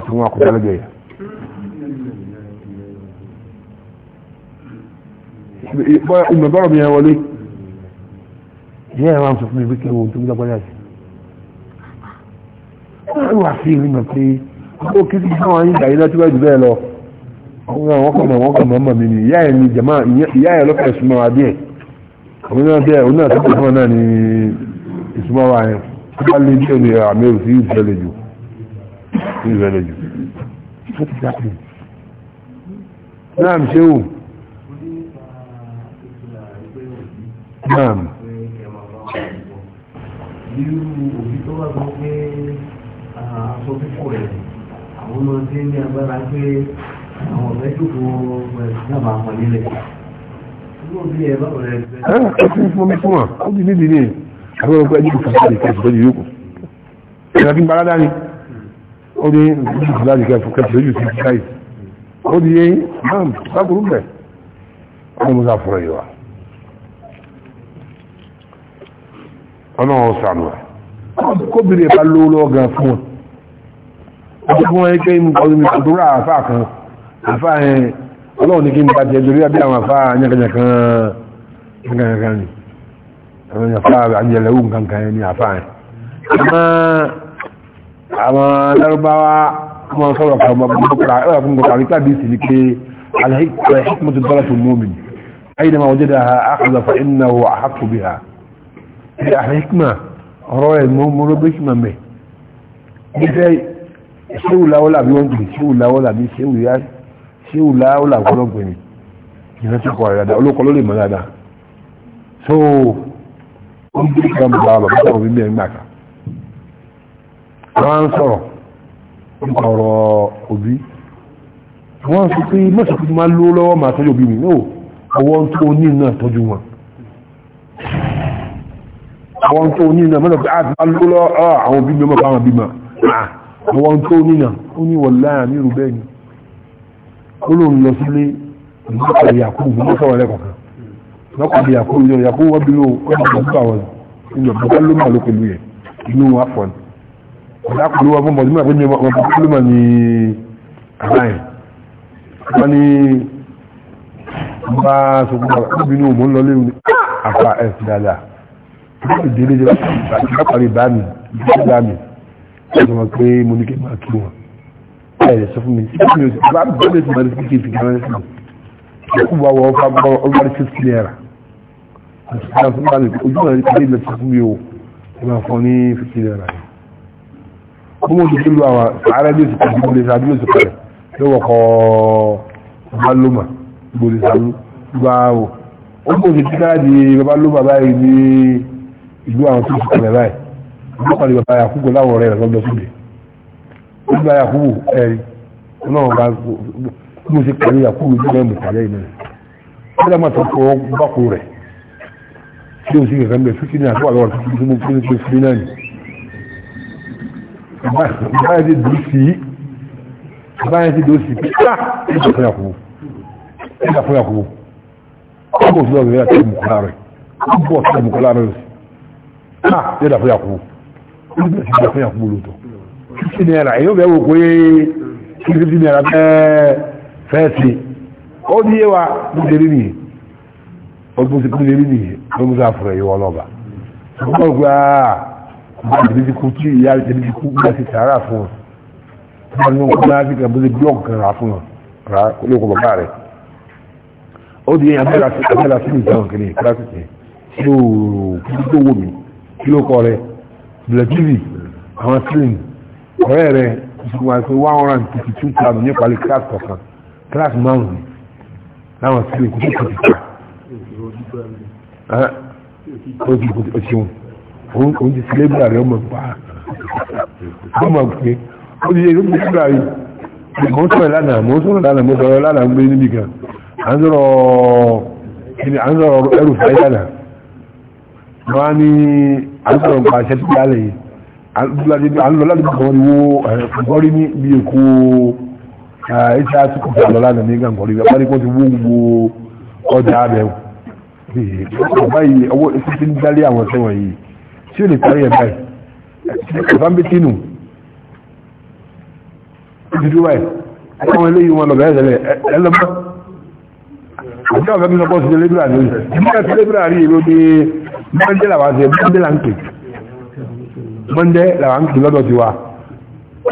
ìmọ̀ bọ́rọ̀ mi yẹn wọlé ìyá ẹ̀ máa sọ fún mi pé kí wọ́n tó ń dágbáyà sí wọ́n wà sí ìlú mọ̀ pé ó kí sí sáwọn ayé ìgbà yìí láti wáyé jù bẹ́ẹ̀ lọ wọ́n kọ̀ mọ̀ wọ́n kọ̀ mọ̀ mọ̀ mi ni ìyá ẹ̀ ni jama ìyá ẹ̀ lọ́pẹ̀ súnmọ́ wa díẹ̀ òun náà díẹ̀ òun náà tó fún ọ náà ni ìsúnmọ́ wa yẹn ó bá lé díẹ̀ ní àmì òsì yìí ìfẹ́lẹ̀ jù ìfẹ́lẹ̀ jù. Naam. Irú òbí tó wà gbọ́ pé aṣọ kíkó rẹ̀ àwọn ọmọ tí ní agbára pé àwọn ọ̀rẹ́ jòkó ìjọba àwọn nílẹ̀. Irú òbí ẹ̀ bá rẹ̀ bẹ̀rẹ̀. Ẹ kí fún mi fún wa, ó di nídìí ní àwọn ọgbẹ́ ẹjọ́ kò sí ìkẹ́ ìfọ́jú yòókù. Ìjọba wa. ọlọ́run sànù ẹ̀ kóbìnrin bá lówó lọ́wọ́ gan fún wọn ọdún fún wọn yẹ kí n ọdún mi kòtò rà àfáà kan àfáà yẹn ọlọ́run ní kí n bàjẹ́ lórí àbí àwọn àfáà nyàkànyàkan nyàkànyàkan ni àwọn àfáà àjẹlẹ̀wò nǹkankan yẹn ni àfáà yẹn àwọn lárúbáwá wọn sọ̀rọ̀ kan mọ́kànlá ẹ̀rọ fún gbọ́kàlá nípa bí sì ni pé alhikmatu dọ́là tó mú mi ayé ni ma wọ́n jẹ́ da ha akọ̀dọ̀ fa inna wo àhàkù bi ha àhíkmà ọ̀rọ̀ ẹ̀ mọ́rọ́ bí kíma mẹ́ nífẹ́ ṣéwù láwọ́lá bí wọ́n gbìn ṣéwù láwọ́lá bí ṣéwù yá ṣéwù láwọ́lá wọ́n gbìn ìran tó kọ̀ dáadáa olókọ ló lè mọ̀ dáadáa so ó ń bí kíma mọ̀ bàbá bàbá sọ̀rọ̀ bí mẹ́rin gbà kan wọ́n sọ̀rọ̀ nípa ọ̀rọ̀ òbí wọ́n sọ pé mọ́sàkútù máa lówó lọ́wọ́ máa tọ́jú òbí mi náà àwọn tó nínà mọ́nà pé alúlọ́ àwọn bímọ mọ́ fáwọn bímọ àwọn tó nínà ó ní wọ̀ láàrin rú bẹ́ẹ̀ ni ó ló ń lọ sílé ìgbàkọ̀ yàkúù mọ́ sọ̀rọ̀ rẹ̀ kọ̀kan lọ́kọ̀ yàkúù yọ yàkúù wọ́n bí ló ọ̀dọ̀ bá wọn ìyọ̀ bọ́kọ́ ló mà ló pẹ̀lú yẹ inú wọn fọ́n ọ̀dà kò ló wọ́n bọ́mọ̀ nígbà pé ní ọmọ bọ́kọ́ ló mà ní àbáyìn wọ́n ní bá sọ fún wa níbi inú mò ń lọ léwu ah, àfà ẹ̀sìn dáadáa láti délé jẹ́ láti lápàrí bá mi bá mi ọjọ́ wọn pé mo ní kí máa kí wọn ẹ̀rẹ̀ sọ fún mi sí mi bá mi bá mi sì máa ní kí fi gánà sí mi kí wọ́n wọ́n fa gbọ́ ọgbàrí fifty naira àti o ẹ máa fọ ní fifty naira yìí kó mo ti kílù àwọn ààrẹ ní oṣù kọjú gbòdì sáà ní oṣù kọjú yóò wọ̀ kọ́ ó ó mọ̀ ní kíkà báyìí ní ìlú àwọn tó ti kalẹ̀ báyìí ìlú kan ìgbà báyà kúkú láwọn ọ̀rẹ́ rẹ̀ lọ́dọ̀ síbi ìlú báyà kúkú ẹ̀rí ọlọ́run bá kí mo ṣe kàlẹ́ yà kúkú ìlú mẹ́mù kàlẹ́ ìlú rẹ̀ kí lọ́mọ tó fọ bákò rẹ̀ tí o sì kẹ̀kẹ́ mbẹ́ fífi ní àtúwà lọ́wọ́ fífi tó mú fífi tó fi náà ni báyà ti dùn sí báyà ti dùn sí pé ká ah! ìjà fún yàkùbù ìjà fún yàkùbù ọgbọ̀n fún yàkùbù yàtọ̀ mùkúlá rẹ̀ ọgbọ̀n fún yàkùbù ha ah, yóò dà fún yakubu yóò dà fún yakubu lóòótọ́ fifty naira èyí ó bẹ̀ wò pé fifty naira fẹ́ẹ́ fẹ́ẹ́ sí ó ní yé wa bó ṣe rí nìyí ó bó ṣe rí nìyí ah, ló ń sá fún ẹ̀yọ́ ọlọ́ba ṣùgbọ́n gba bá ìdílé ti kú kí ló kọ rẹ̀ blakiri àwọn slim ọ̀rẹ́ rẹ̀ ìṣòwò àti one hundred and fifty two thousand ní ìpàlẹ̀ kíláàsì kọ̀ọ̀kan kíláàsì márùn-ún láwọn slim kò tó kọ̀ tó kà ọ̀rẹ́ kò ṣeun òun ti sílébìlà rẹ̀ ọmọ pa ọmọ pé ó ti yẹ ìlú sílébìlà rẹ̀ mọ̀ ń sọ̀rọ̀ lánàá mọ̀ ń sọ̀rọ̀ lánàá mọ̀ ń sọ̀rọ̀ lánàá ń gbé níbi kan à ń sọ̀rọ̀ ẹrù fàáyé lánàá wọ́n ní àlùsọ̀rọ̀ nípa iṣẹ́ tó yálẹ̀ yìí alùlọ́lá nípa kan wo gọ́rí ní bí èkó ẹ̀ṣẹ́ àtúkọ̀ fún alùlọ́lá nà ní gàngọ́rí wọ́n ní kó ti wó gbogbo ọjà abẹ́ ọba yìí ọwọ́ ẹ̀ṣẹ́ ti ń dálé àwọn ẹ̀ṣẹ́ wọ̀nyí tí ó lè parí ẹ̀ báyìí ọ̀fà ń bí tínú ìdúdú báyìí àwọn eléyìí wọn lọ bẹ̀rẹ̀ tẹ́lẹ̀ ẹlọ́mọ́ àti àwọn ẹ̀mí sọpọ̀ sí lébìrà ní ìmọ̀ ẹ̀fẹ́ lébìrà rí èrò ní mọ́ndé làwọn àti mọ́ndé là ń pè mọ́ndé làwọn ń pè lọ́dọ̀ ti wa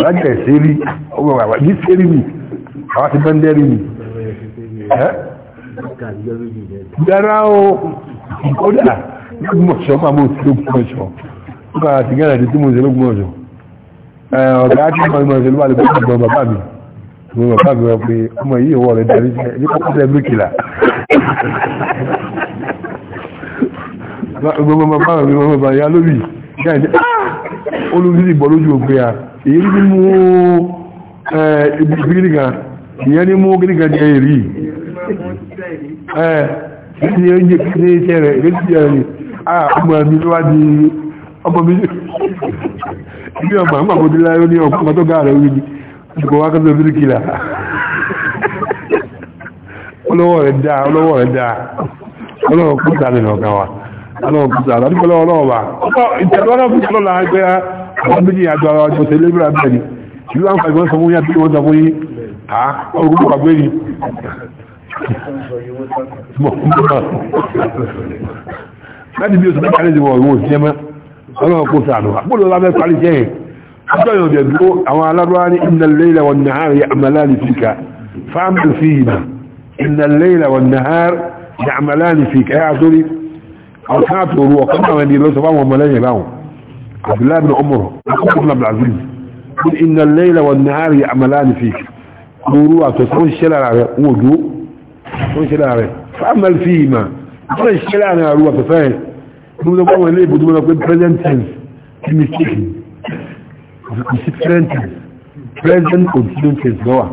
lájẹ̀ sẹ́rí ọgbọ̀n àwọn ní sẹ́rí mi àwọn ti mọ́ndé rí mi dára o kódà lọ́gbọ̀nsọ̀ máa mọ̀ sí lọ́gbọ̀nsọ̀ nípa àti gánà tí mo ń ṣe lọ́gbọ̀nsọ̀ ọ̀gá tí mo ń ṣe lọ́gbọ̀nsọ̀ bàbá mi mo bàbá mi wọ pé ọmọ yìí wọ̀ rẹ̀ darí ní kókó gbogbo ọmọ báwọn ọmọ bàbá ya lórí gáàdì olùdíjì bọ̀ lójú òpin à èyí ni mú ìgbìgbìgì kan ìyẹn ní mú gíní kan jẹ èrí ní oúnjẹ kí iṣẹ́ rẹ̀ èrí ti jẹ́ rẹ̀ ọmọ mi ló wá di ọmọ mi ọmọ àwọn láyé ní tó gáà rẹ̀ wíjì wá bí kìlà ọlọ́wọ́ rẹ̀ dáa ọlọ́wọ́ rẹ̀ dáa ọlọ́wọ́ kúta ọ̀gá wa ọlọ́run kò sàrà nípa lọ́wọ́ ọlọ́run wa ìtẹ̀lọ́rọ̀ fún ìtọ́lọ́ la gbé àwọn méjì àjọ ara ọjọ́ tẹ̀lé ìbúra bẹ́ẹ̀ ni ìlú àwọn ìwọ́n sọ fún yá bí wọ́n sọ fún yí à ọgbọ́n kò gbé ni. láti bí oṣù mẹ́ta lè wọ ìwọ̀n òṣìṣẹ́ mọ́ ọlọ́run kò sàrà wà gbọ́dọ̀ lábẹ́ parí jẹ́ yẹn ọjọ́ yóò dẹ̀ dúró àwọn alábọ́wá ní ìnàlẹ́yìn àwọn nàárì àmàlàní fìkà fáàmù fìyìmà ìnàlẹ́yìn àwọn nàárì àmàlàní fìkà ẹ̀ àtúrí àwọn kan àtòrò ọ̀kan náà wẹ́n ni ló sọ fáwọn ọmọlẹ́yìn báwọn abdullahi bin umar akọ́kọ́ bin abdulaziz bin inna layla wa nahari amalani fi ooru àtọ̀sọ́ ń ṣe lára rẹ̀ ń wòdó ń ṣe lára rẹ̀ fáàmàlì fi ìmà present tense ti mistake present tense present continuous tense lọ́wà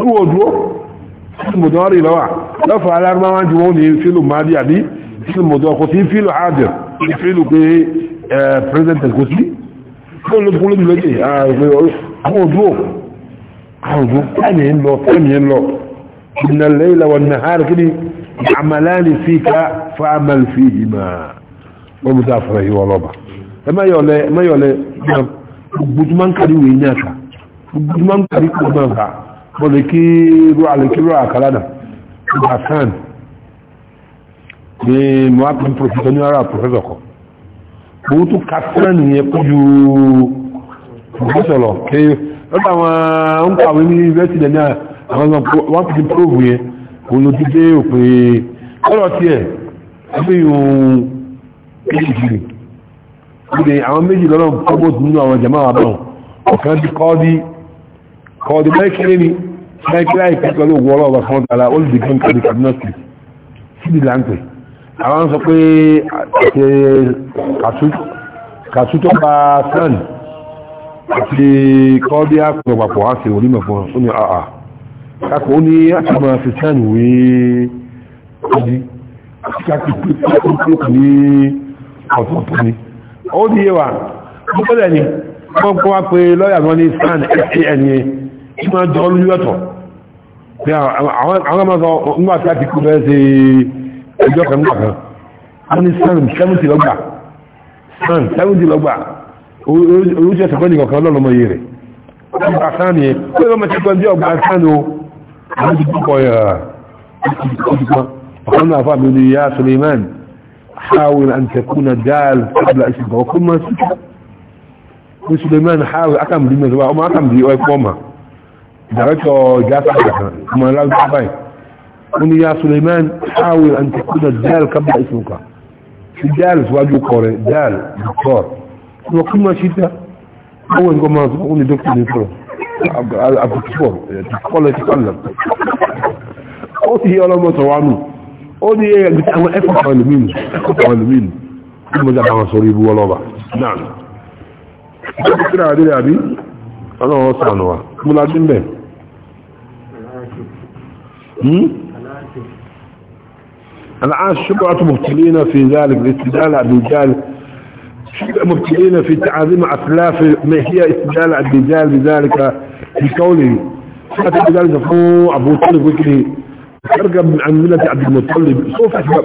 ń wòdó ń mọ̀dọ́rì lọ́wà lọ́fà alárùmáwájú wọn ni fílò máa bí àbí في الموضوع kò sí fílù hadir fílù pé president kò sí fún ló fún lójú lójú àwọn òdúró àwọn òdúró fẹ́mi ń lọ fẹ́mi ń lọ ìnà lẹ́yìnlá wọn ní hàrì kí ni àmàlání fi ká fáàmàlì fi ìmà wọ́n mú sáà fọ́rọ̀ ìwọ̀ ọlọ́ba ẹ mẹ́yọ̀lẹ́ mẹ́yọ̀lẹ́ gbogbo ń kárí wèé ní àkà gbogbo ń kárí kò náà bá bọ́lẹ̀ kí rú àlẹ́kí rú àkàládà ìgbà sáà ní mohamed professor ní ara professor kọ owó tó kásílẹ̀ nìyẹn kó ju professor lọ kí lọ́dọ̀ àwọn ń kàwé ní university ní àwọn wọ́n fi prove yẹn kò ló ti dé òpin ọ̀rọ̀ tiẹ̀ ẹgbẹ́ yòówù kéjì ní àwọn méjì lọ́nà pọ́bọ̀t nínú àwọn jama àbọ̀n ọ̀kan ti kọ́ọ́dí kọ́ọ́dí mẹ́kẹ́lẹ́ ni mẹ́kẹ́lẹ́ ìpínlẹ̀ òwúrọ̀ ọba fún ọ̀tàlá ó lè dìgbọ́n kàdí kàdínà sí síbi láǹpẹ̀ àwọn sọ pé àti kàtútọ́ bá sàn àti kọ́bí àpọ̀ papọ̀ á sì orímọ̀ fún ọ ní àà kakọ̀ ó ní àtàmà fi sàn wé ọdí àti kakọ̀ ní ọ̀tọ̀ọ̀tọ̀ ni ó ní yẹwà ni wọ́n kọ́ wá pé lọ́yà wọn ní sàn san tí wọ́n jọ lójú ọ̀tọ̀ àwọn ọmọ sọ nígbà tí a ti kú fẹ́ ṣe ẹjọ́ kan gbà kan wọ́n ní sáàmù sẹ́mùtì lọ́gbà sáàmù sẹ́mùtì lọ́gbà oríṣẹ́ sẹ́kọ́ndì kọ̀ọ̀kan lọ́lọ́mọ yìí rẹ̀ ọgbà sáàmù yẹn pé ọmọ sẹ́kọ́ndì ọgbà sáàmù o àwọn ti kọ́kọ́ yà ọ̀kan náà fà mí ní yá Suleiman حاول أن تكون جال قبل اسمك وكل ما سكت وسليمان حاول أكم دي مزبع وما أكم دي ويقومها درجة جاسة كما لا تبعي قل يا سليمان حاول أن تكون الدال قبل اسمك في دال سواجه قوري دال دكتور وكل ما شئت أول ما قلني دكتور دكتور الدكتور تقول يتكلم أوتي ولا ما توانو أوتي أنا مين علمين أفهم علمين ثم جاء عن صريب ولا بعض نعم كثير عدل أبي أنا أصعنوا ملازم به هم العاش شبعة مبتلين في ذلك الاستدلال بالجال مبتلين في تعاظيم أسلاف ما هي استدلال الدجال بذلك بقوله فأتى بذلك فهو أبو طالب وكله ترجم عن ملة عبد المطلب سوف أسبب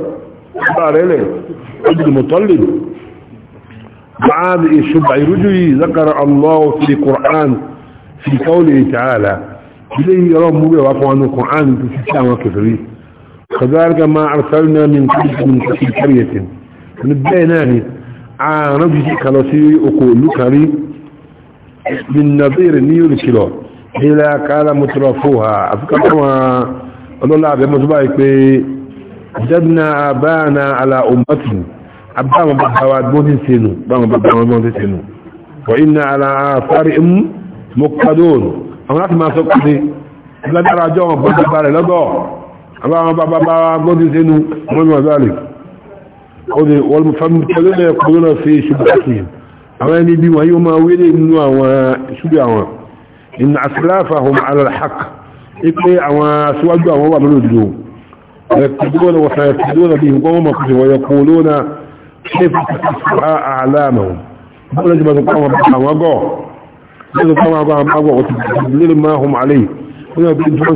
أخبار إليه عبد المطلب بعد الشبع رجلي ذكر الله في القرآن في قوله تعالى إليه يرى مبيه وقوانه القرآن في السلام وكفريه كذلك ما أرسلنا من من في قرية نبيناه عربي كلاسي أقول لكري من نظير نيو الكيلو إلى قال مترفوها أفكروا الله بما تبعك جدنا آبانا على أمتنا أبانا بحواد بوتين سينو بابا بوتين سينو وإن على آثارهم مقتدون أنا ما سقطي لا ترى جوم بابا لدو àwọn bàbá bá gbọ́dí sínú mọ́mọ̀ zalik ọdí wọlmọ̀fẹ́mọ̀tẹ́lẹ́ ẹ̀kùnrin fi ṣubúkàtì àwọn ẹni bí wọ́n yíò máa wéré nínú àwọn ṣubú àwọn iná asìláfàhùn alalhaq ipé àwọn síwájú àwọn wà lórí òdòdó ẹ̀kùnrin wọ̀sán ẹ̀kùnrin bí nǹkan wọ́n mọ̀ kùsùn wọ́n yẹ kó lónà ṣe fún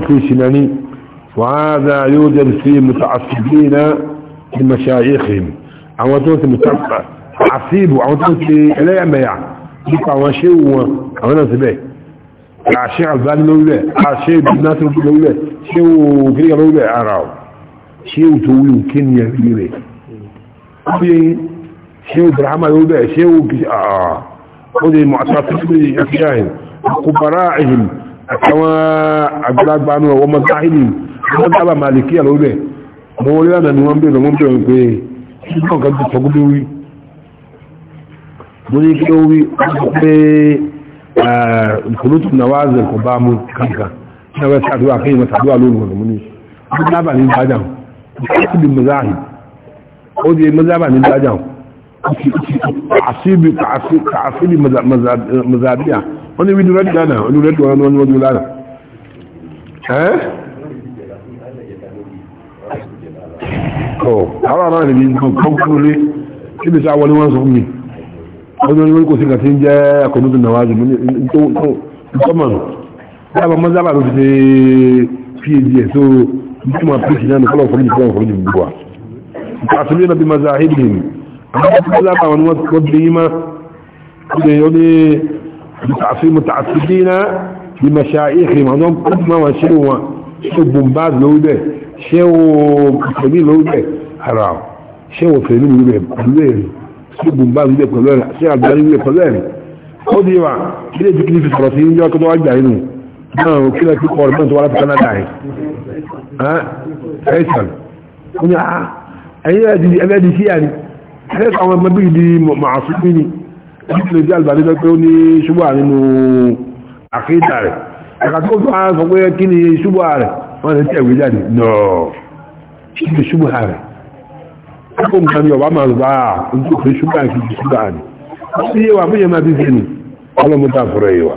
àlàmà وهذا يوجد في متعصبين لمشايخهم àwọn tó ti mùtàkà àṣíbù àwọn tó ti ẹlẹ́yàmẹ̀yà nípa àwọn ṣe wọn àwọn náà síbẹ̀ àṣẹ àlbáni lórílẹ̀ àṣẹ ìdínásílùkú lórílẹ̀ ṣe òkèrè lórílẹ̀ ara ọ̀ ṣe òtò wí òkè ní ẹ̀rí rẹ̀ ṣe ṣe òbìràmà lórílẹ̀ ṣe òkè mọ̀tàkì wọ́n dábà màlìkí àlọ́ rẹ̀ mọ́ wọlé lánàá ni wọ́n bèèrè wọ́n bèèrè pé ṣíkọ́ nǹkan tó sọ gbé wí mo ní kí ó wí pé ìkòlótù náà wá zẹ̀ kò bá mú kankan ní ọwọ́ sàdúrà kí ìmọ̀ sàdúrà lóòrùn ọ̀nà mú ní wọ́n dábà ní ìdájà ó di mọ́záàhì ó di mọ́záàbà ní ìdájà àṣíbi mọ́záàbíà wọ́n ní wí ní rẹ́dì lánàá wọ́n ní rẹ́dì lánàá tọ̀ àwọn àmà rẹ̀ yìí kan kọ́ kúrò lé síbi sáwọ́ ni wọ́n sọ fún mi ó ní oníwọ́n kò sí kàtí ń jẹ́ akọ̀nùtù nàwájú tọ́mọ̀nù dábà mọ́ dábà ló fi ṣe phd ẹ̀ tó ìtumọ̀ pèsè náà nìkan lọ́wọ́ fọ́lọ́jì fọ́lọ́jì fọ́lọ́jì gbogbo wa àtúndì náà bí mazà hìbìn àwọn tó dábà wọn wọ́n ti yí má ó lè yọ ní mutàfíìmù tàfíìdì náà bí màṣá ìhìn àwọn tó ń pọ̀ ṣé o tẹ̀mí ló bẹ̀ ara ọ̀ ṣé o tẹ̀mí ló bẹ̀ pẹ̀lú ẹ̀rí ṣé bùnbá ló bẹ̀ pẹ̀lú ẹ̀rí ṣé àgbáyé ló bẹ̀ pẹ̀lú ẹ̀rí ó di wa ilé ìdíkì ní fi sọ̀rọ̀ sí ní ọkọ̀ tó wá gbà inú náà ò kílẹ̀ kí kọ́ ọ̀rọ̀ mẹ́rin tó wá láti Canada yìí ẹ̀sán ó ní àá ẹ̀yìn ẹ̀dí sí àní ẹ̀sán ọmọ bíi di màásù ni ẹ̀sán lè di àlùbáyé pé ó ní ṣubú àrínú àkéjà rẹ̀ ẹ̀ka wọ́n lè tẹ̀wé jáde nọ́ọ̀ kí ni ṣubúhà rẹ̀ kó nǹkan ní ọba máa lọ bá a ń tó fi ṣubúhà kì í ti ṣubúhà ni wọ́n ti yé wa fún yẹn máa bí sẹ́nu ọlọ́mọta fúnra yìí wa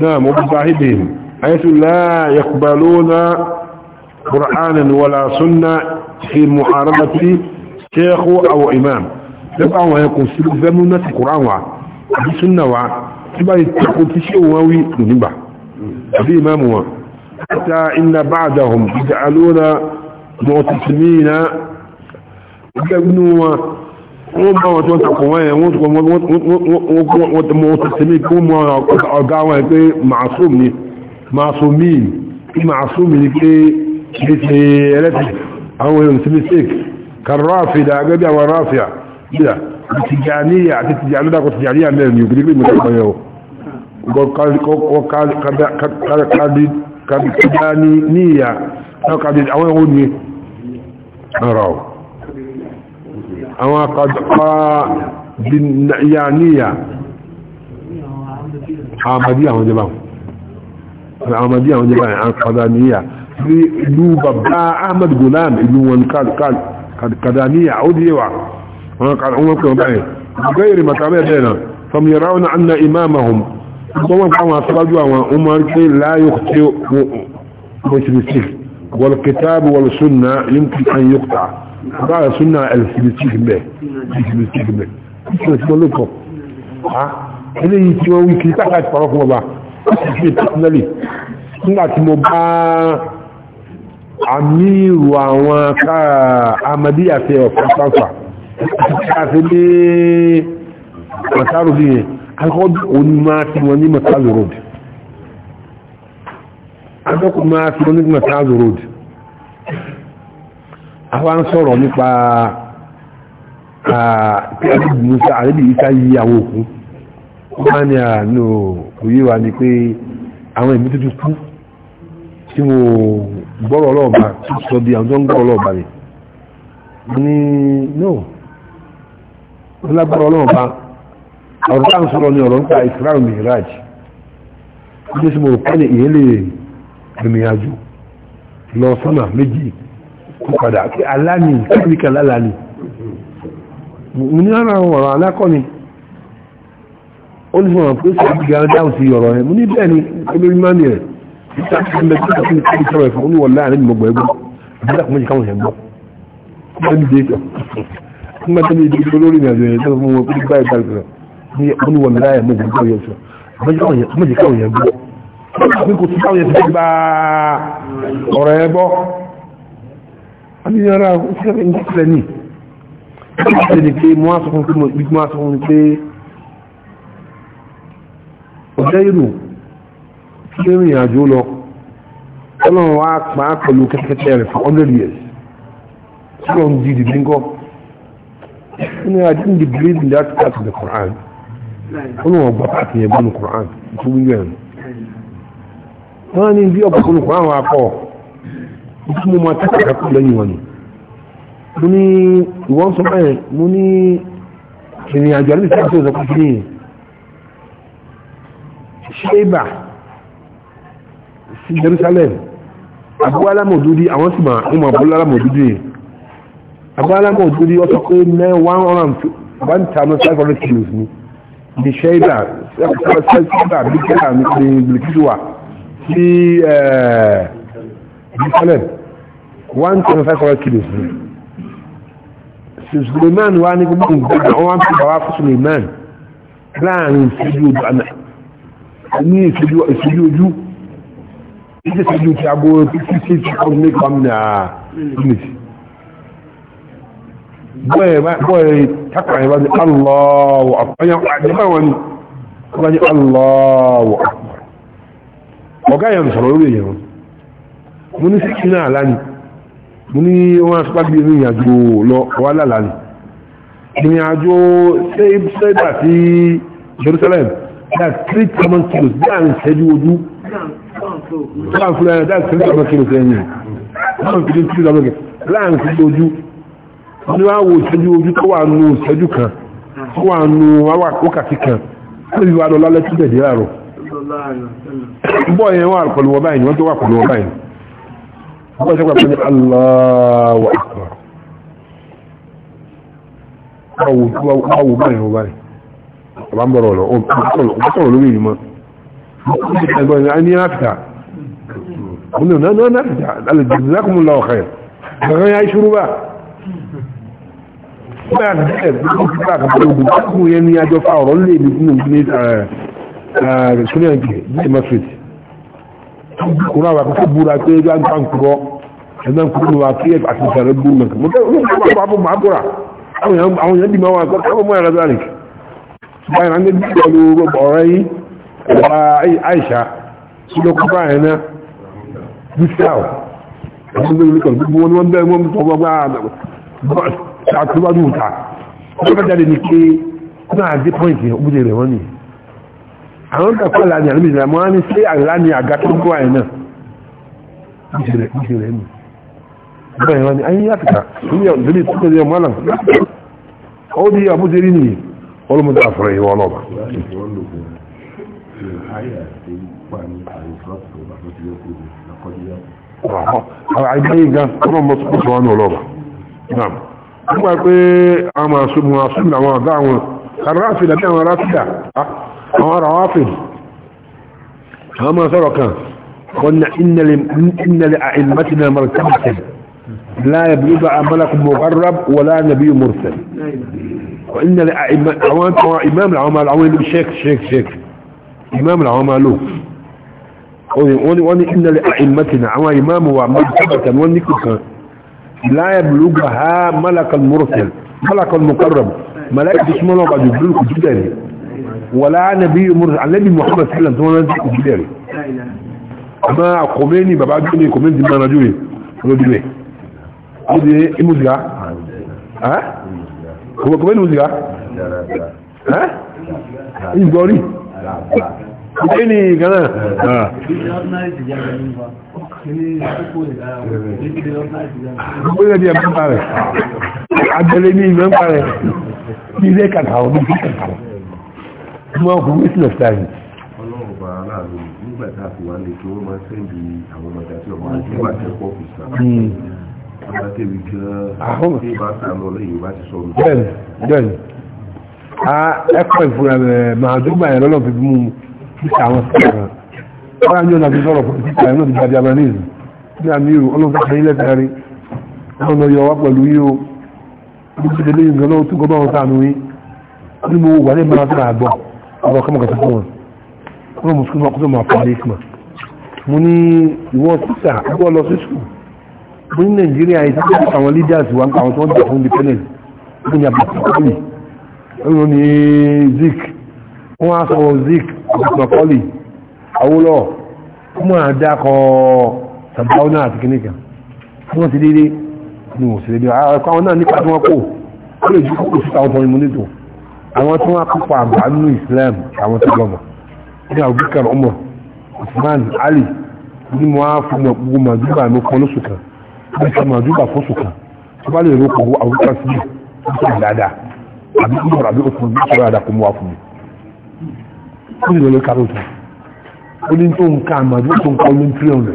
náà mo bí sáhìbì ayẹ́tù láà yaqbaluna qur'anan wala sunna fi mu'aradati sheikhu aw أبي إمامه حتى إن بعدهم يجعلون معتصمين يجبنوا wọ́n bá wọn tí wọ́n takùn wáyé wọ́n tí wọ́n mọ̀ tẹ̀sẹ̀mí kí wọ́n mọ̀ ọ̀gá wọn pé màásùm ni màásùmí kí màásùmí ni pé kí ṣe ẹlẹ́tì àwọn èèyàn sí mistake kan ráfìdá gẹ́gẹ́ bí àwọn ráfìdá bí i tìjàníyà àti tìjàníyà mẹ́rin ni òkèdè pé mọ̀ kàdìkàdì níyà kàdì àwọn ẹ̀wọ̀n ní ọ̀rọ̀ àwọn kàdìkàdì níyà àmàdí àwọn jẹba àmàdí àwọn jẹba àkàdà níyà ní ìlú bàbá ahmed gulam ìlú wọn kàdìkàdà níyà ó díẹ̀wà wọn kàdìkàdì wọn kàdìkàdì gbọ́wọ́n fún àwọn asọ́jú àwọn umar pé láyò tí mọ̀sílìsì wọ́n kìtàbí wọ́n súnà yínkù kan yókùtà bára súnà ẹ̀lẹ́sìlìsì bẹ̀ eléyìí tí wọ́n wí kìí tàkà ti parọ́ fún ọba láti fi ìtàkùnlẹ̀ nígbà àmìrù àwọn káà amadi àti ọ̀pọ̀ pàpà àti lé ọ̀tárùbí yẹn akọ́kọ́ òní máa fi wọn ní matazu road akọ́kọ́ máa fi wọn ní matazu road àwọn ń sọ̀rọ̀ nípa pé àdébì musa àdébì isa yí àwọn òkú wọ́n ní àánú òye wa ni pé àwọn ìmú tuntun kú tí mo gbọ́rọ̀ ọlọ́ọ̀bá tó sọ di àwọn tó ń gbọ́rọ̀ ọlọ́ọ̀bá rẹ̀ ní no lágbọ́rọ̀ ọlọ́ọ̀bá ọ̀rọ̀ táà ń sọ̀rọ̀ ní ọ̀rọ̀ ń pa ìsìláàmù mìíràjì ilé sí mo rò pẹ́lẹ̀ ìyẹn lè rìnrìn àjò lọ sọ́nà méjì tó padà pé aláàní kíríkà lálàní mo ní ara ọ̀rọ̀ alákọ́ni ó ní sọ̀rọ̀ pé sọ́rọ̀ gíga dáhùn sí ọ̀rọ̀ yẹn mo ní bẹ́ẹ̀ ni olórí máa ní ẹ̀ títà tí mo ti kí ní sọ̀rọ̀ ẹ̀fọ́ ó ní wọ̀n láàrin mọ̀gbọ̀ ẹgbẹ́ ìdílé àkùnmọ́jì káwọn yẹn gbọ́ ó ní dé tọ̀ ó ní bá tẹ́lẹ̀ ìdílé olórí ìrìnàjò yẹn tó fún wọn pé báyìí báyìí ó ní wọ̀mí láyẹ̀ méjì gbọ́ yẹn sọ méjì káwọn yẹn gbọ́ àbí kò sí káwọn yẹn ti gba ọ̀rọ̀ ẹ gbọ́ àbí yàrá ó sì rẹ̀ ń kílẹ̀ ní ṣe ni pé mo á sọ fún pé mo á sọ fún pé ọjọ́ ìlú tí ó rìn àjò lọ ọlọ́run wá pa á pẹ̀lú kẹ́kẹ́kẹ́ rẹ̀ for hundred years tí wọ́n di ìdìbí ńkọ́ ó ní I didn't believe in that part of olùwọ̀n gbà pàtì yẹn gbọ́nù kùrán tó wíwẹ̀ ẹ̀nu wọ́n ní bí ọkọ̀ gbọ́nù kùrán wà pọ̀ nítorí mo máa tẹ́kọ̀ọ́ kẹ́kọ̀ọ́ lẹ́yìn wọn ni mo ní ìwọ́n sọ bẹ́ẹ̀ mo ní ìrìn àjò àdébí sáà tó ìzọkọ̀ sí yìí ṣébà sí Jerusalem abúwálámọ̀dúdí àwọn sì máa ń mọ̀ abúwálámọ̀dúdí abúwálámọ̀dúdí ọ sọ pé 1,500 kilos ni ní ṣẹ́ìdà ṣẹ́ìdà bí kẹ́lá ní gbìlìkìtìwà sí jerusalem 125 kilos ní sí suleiman wá ní gbogbo ìgbàgbà wọn fi bàwá fún suleiman láàrin ìṣẹ́jú ojú àná ní ìṣẹ́jú ojú ìṣẹ́jú ti agbó 56 ọdún mẹ́kọ̀ọ́ mi náà bọ́ẹ̀ takwa ìbá ní Allahu akbar ọba ní Allahu akbar ọ̀gá yẹn sọ̀rọ̀ lórí èèyàn mú ní síkí náà láni mú ní wọ́n aṣọ́gbàgbé ìrìn àjò lọ wà láàlání ìrìn àjò sẹ́bà sí Jerusalem that three common kilos bí àrin ṣẹ́jú ojú láàrín fúlẹ̀ that three common kilos ẹ̀yìn láàrín fúlẹ̀ ojú wọ́n wá wo ìṣẹ́jú ojú tó wà nù ìṣẹ́jú kan tó wà nù wákàtí kan lórí wa lọ lálẹ́ tíbẹ̀ dé àrò bọ́ yẹn wà pẹ̀lú wọn báyìí wọ́n tó wà pẹ̀lú wọn báyìí wọ́n ṣe pàpẹ́ ní Allahu Akbar awo báyìí wọ́n báyìí ọba ń bọ̀rọ̀ ọ̀sọ̀rọ̀ lórí bóyá ní ẹgbẹ́ tó ti bá àkàtà lóògùn tó kù yẹn ní ajọ fa ọ̀rọ̀ lè ní nínú ní ṣúlẹ̀ ẹ̀jẹ̀ ní ẹ̀mọ́ street kúrò àwọn akọ́kọ́ búra pé ẹgbẹ́ àgbà ń kúrọ́ ẹgbẹ́ ń kúrọ́ wa kí ẹgbẹ́ àti ìṣàrẹ́ gbó mọ̀ mo kẹ́ ló ń bá bọ̀ máa bọ̀ra àwọn èèyàn dì máa wà kọ́ káwọn mọ́ ẹ̀rọ sáré báyìí láńgbé bí pẹ̀lú ọ̀rẹ́ yìí ẹ̀wà àìsà tí ló kọ́ báyìí náà bí sáà ẹ̀gbẹ́ gbogbo wọn ni wọ́n bẹ́ẹ̀ wọ́n tọ́ àtúwádùn òta wọ́n fẹ́ jáde ní pé náà dé pọ́ìntì òbúdé rẹ̀ wọ́n ni àwọn kàkọ́ àlà ní àlùmí ìsìlámù wọ́n ní sí àlá ní àga tó ń kó àyẹ̀ náà búṣe rẹ̀ búṣe rẹ̀ nù bẹ́ẹ̀ wọ́n ni ayé yàtìkà ní ọ̀dọ́lẹ̀ tó kọjá ọmọ àlà ó di àbúdé rí nìyí ọlọ́mọdé àfọ̀rọ̀ ìwọ ọlọ́ba àwọn àìbáyé gan ọlọ́mọdé tó sọ wọn ní ọlọ́ba náà nígbà pé àwọn àṣùmù àṣùmù àwọn àwọn bí ah, àwọn àwọn àwọn sọ̀rọ̀ kan مرتبة لا يبلغ ملك مغرب ولا نبي مرسل وإن لأئمة إمام العمال العوين شيخ شيخ شيك إمام العمالو وإن لأئمتنا إمام ومرتبة ونكتب لا يبلغها ملك المرسل ملك المقرب ملائكة اسمه الله قد يبلغ جداري ولا نبي مرسل النبي محمد صلى الله عليه وسلم جداري أما قوميني بابا جوني قومين دي مانا جوني رجوني ودي إموزيا ها هو قومين موزيا ها إيه قولي إيه كنا ها Gbogbo ẹ̀dí ẹ̀mọ́ ń parẹ̀. Abẹ́lé ní ìmọ̀ ń parẹ̀. Ní ilé kàkà wọn, ní ilé kàkà wọn. Mọ́ ọkùnrin wíṣìn ọ̀sẹ̀ àyè. Ọlọ́run bá aláàlú nígbà tá a fi wá lè kí wọ́n máa sẹ́ndì àwọn ọmọdé àti ọmọ wọ́n á ní ọ̀nà fi sọ̀rọ̀ pọ̀lítíkà ẹ̀ náà ti gbàdí abanism ní àmìrù ọlọ́fẹ́ kan ilẹ̀ o ní ti tẹ́lẹ̀ ìgbà náà túnkọ́ bá wọn sáà nùí ní mo wà ní ìmọ̀ràn mo ní ìwọ sísà ìwọ lọ sí sùkùn mo ní nàìjíríà yìí tí àwọn leaders wa ń pa àwúlọ̀ ọmọ àdákọ̀ sàbáwọ́ náà àti kìnnìkan wọ́n ti dédé ní òṣèré bí ọkọ̀ àwọn náà nípa tí wọ́n kò ó lè jú kókò sí àwọn tọrin monito àwọn tí wọ́n kópa àgbà nínú Islam àwọn tó gbọmọ̀ ní Abubakar Umar Usman Ali ní mo á fún gbogbo màdúbà mi kan lóṣù kan bí ti màdúbà fóṣù kan tó bá lè rí okòwò Abubakar sí mi ó sì dáadáa àbí Umar àbí Usman bí sọ̀rọ̀ àdàkùn mọ́ wa fún mi ó ní tó ń ka àmàdí tó ń ka olú 300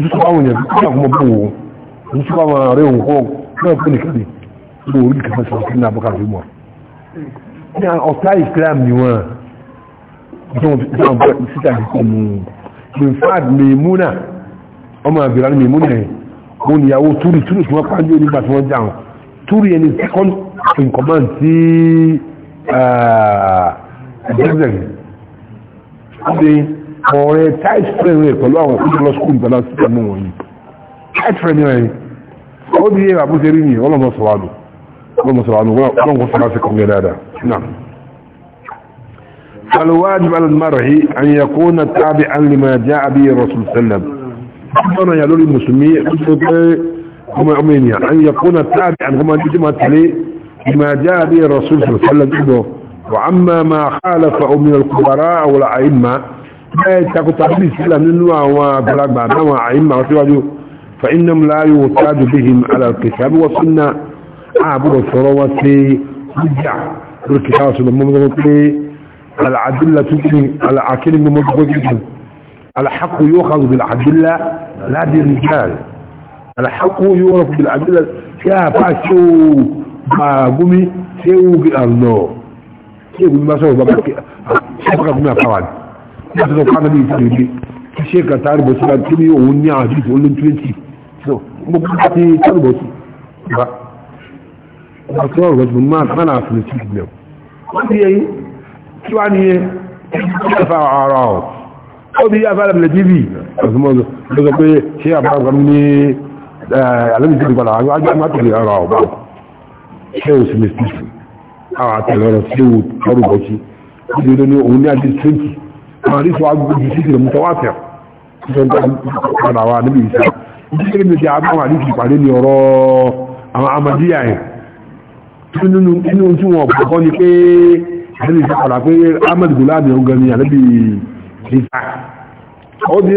bí tó báwọn yẹn tó kàkọ́ bọ̀ wò ní tó báwọn ààrẹ òun kọ́ náà fún nìkan ní ló orí kàfẹ́ sọ̀rọ̀ kí ní abọ́kà rí mọ́ ní ọ̀tá Islam ni wọ́n jọ̀wọ́n síta ní kọ́ mú in fact Maimuna ọmọ àbìrà ní Maimuna yẹn ó ní túrì túrì tí wọ́n pàdé nígbà tí wọ́n jà túrì ẹni second in command sí ẹ̀ẹ́dẹ́gbẹ̀rẹ̀ ọdẹ ọ̀rẹ́ tight friend rẹ̀ pẹ̀lú àwọn ìpínlẹ̀ lọ skúl pẹ̀lú àti ìpínlẹ̀ wọ̀nyí tight friend rẹ̀ ó di yẹ́ àbúté rí ní ọlọ́mọsọ̀wánù ọlọ́mọsọ̀wánù wọ́n فالواجب على المرء أن يكون تابعا لما جاء به الرسول صلى الله عليه وسلم أنا يقول المسلمين هم أمينيا أن يكون تابعا هم أن يجمع تلي لما جاء به الرسول صلى الله عليه وسلم وعما ما خالف من الكبراء والأئمة يتكو تحديث إلا منه وقلق وأئمة وسواجه فإنهم لا يعتاد بهم على الكتاب والسنة أعبد الصروة رجع الكتاب والسنة ممضغطي العدلة تجري على عكين ممضغطي الحق يؤخذ بالعدلة لا بالرجال الحق يؤخذ بالعدلة يا فاشو باقومي سيوقي الله ṣe ìwé mímọ́ sọ̀rọ̀ bàbá kí ṣàpàkà gómìnà pàwà ní láti sọ fún anábìyí ti dèdè kí ṣe kà tààrí bọ̀ síra tí òun ní àwọn àdìsí olóyún twenty so mo kí wọ́n ti tààrí bọ̀ sí bá ọba tó ọ̀rọ̀ tó máa kán náà fún etí ìgbìmọ̀ wọ́n ti yẹn kí wá ní ẹ̀fà ara ọ̀ ó di yá fara bìlẹ̀ tv ọ̀sùnmọ́sọ ló sọ pé ṣé àbára ní alẹ́ mi ti di padà àjọ àjọ àmọ́ àtẹ̀lé ara ọ̀ bá ṣé o sì mi sí àwọn àtẹ̀lọ́rọ̀ síwò ọrùbọ̀sí ìdílé ní òun ní àdí 20 àwọn àdísọ́ agbójú sí ìrìn mutawátẹ̀ padà wà níbi ìsá ìdílé méjì àwọn àdísì ìpàdé ní ọ̀rọ̀ àwọn amadíyà ẹ̀ inú tí wọn bọ̀kọ́ ni pé àdísì ìsá padà pé ahmed gulani ọgọ́ ni àdíbi ìsá ó dé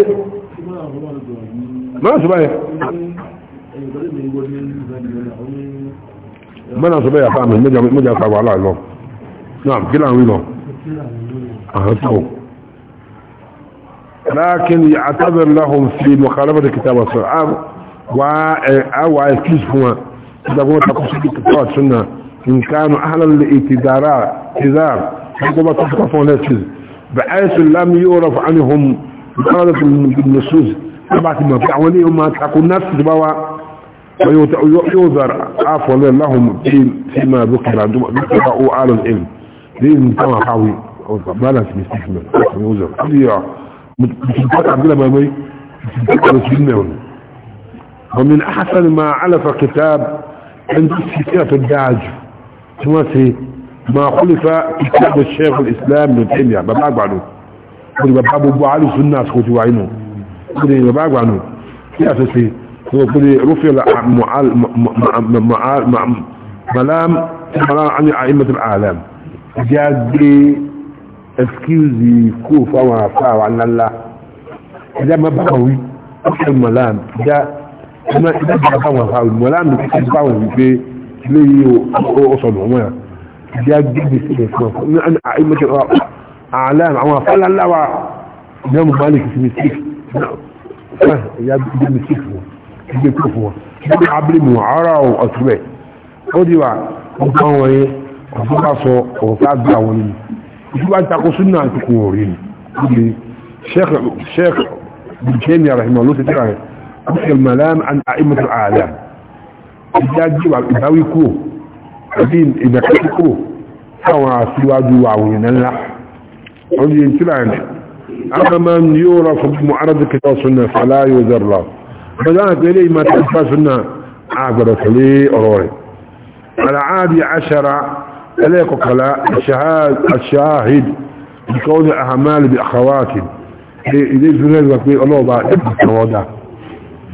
mọ́ràn sọ́bàá yẹ من أصبح يفهمه مجا مجا كابو على الله نعم كلا ويلو أهتو لكن يعتذر لهم في مخالفة الكتاب والسنة و أو أكيس هما إذا هو تقصي الكتاب والسنة إن كانوا أهلا لإتدارا إذار فقوما تفتفون هالشيز بحيث لم يعرف عنهم مخالفة النصوص تبعت ما ما تقول نفس دباوة ويوذر عفوا لهم فيما ذكر عندهم ذكروا على العلم لازم كما قوي بلس بيستحمل قال يا متفق عبد الله باي ومن احسن ما علف كتاب عند كتاب الدعج ما خلف كتاب الشيخ الاسلام من تيميه بابا بعده بابا ابو علي سنه اسكتوا عينه بابا بعده يا فسيه وقل رفع ملام ملام عن أئمة العالم جاد اسكيوزي كوفا وعفا وعن الله إذا ما بقوي رفع الملام إذا ما إذا بقى وعفا الملام بقى وعفا ليه أصل عمر جاد بسيء عن أئمة العالم وعفا الله وعفا مالك في مسيح يا بمسيح ẹgbẹ́ kúrò fún wọn ẹgbẹ́ abúlémù ara ọ̀ ọ̀tún rẹ̀ ó di wa ọ̀tún àwọn yẹn ọ̀tún bá sọ ọ̀tún àgbà àwọn yìí ìtú bá takò súnà àtìkù wọn rí ni ó di sheikh bukemi arahima ló ti tẹ́ra rẹ̀ ó fi malam an aimatu ala ìjà jíwa ìbáwí kúrò àbí ìdàkàtì kúrò sáwọn àṣíwájú àwọn ènìyàn ńlá ó di ìtura rẹ̀ أما من يورث بمعرض كتاب السنة فلا يذر له بدأنا إليه ما تحفظنا عقدت لي أروري العادي عشرة إليك قلاء الشهاد الشاهد بكون أهمال بأخوات إليه زنين وكبير الله إبنك الوضع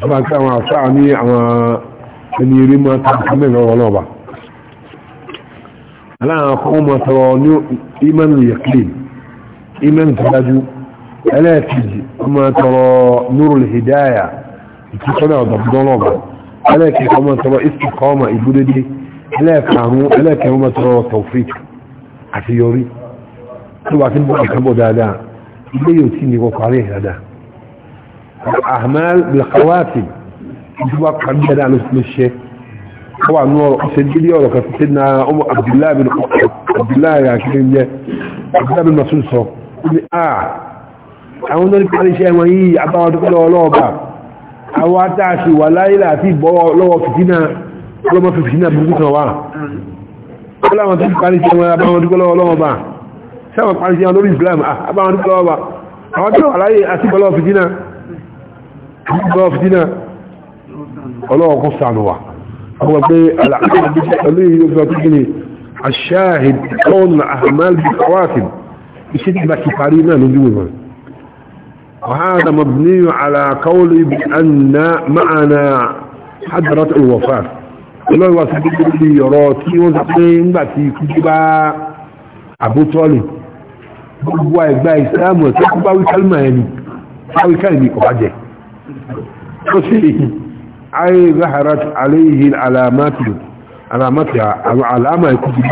أما كان أصعني أما أن يريم ما تنحمل الله بعد ألا أقوم أتواني إيمان اليقين إيمان تلاجو ألا تجي أما ترى نور الهداية ìtúkọ́nà ọ̀dọ̀gbọ́nlọ́gbà ẹlẹ́ẹ̀kẹ́kọ́ mọ́ tọrọ ìsìnkọ́ọ̀mà ìbúdédé ẹlẹ́ẹ̀kàrún ẹlẹ́ẹ̀kẹ́kọ́ mọ́ tọrọ tọ̀fík àti yọrí tó wà tí bọ́ọ̀ kan bọ̀ dáadáa ilé yóò tí nìkan parí ẹ̀ dáadáa ahmed bilkawati ìjọba kan dáadáa ló ṣe kọwà nú ọ̀rọ̀ ṣe dídí ọ̀rọ̀ kan títí na ọmọ abdullahi bin abdullahi akiri jẹ abdullahi bin masun sọ àwọn atáàṣì wà láyílà àti ìbọ́wọ́ lọ́wọ́ fìtínà ọlọ́mọ fìtínà burúkú kan wà ọlọ́mọ tí parí sí wọn abáwọn dúkọ́ lọ́wọ́ lọ́wọ́ bá sáwọn parí sí wọn lórí Islam abáwọn dúkọ́ lọ́wọ́ bá àwọn tí wà láyé àti ìbọ́lọ́wọ́ fìtínà ìbọ́lọ́wọ́ fìtínà ọlọ́wọ́ kún sànù wà àwọn pé aláàbí وهذا مبني على قول بأن معنا حضرة الوفاة الله وسبب لي يراتي وزقين باتي كجبا أبو طالب gbogbo ẹgbà ìsìláàmù ẹ̀ tó kú bá wíkà lùmọ̀ ẹni wíkà ìbí kò bá jẹ́ tó sí ayé zaharat aléyìí alamátìlù alamátìlù àwọn alama ikú ti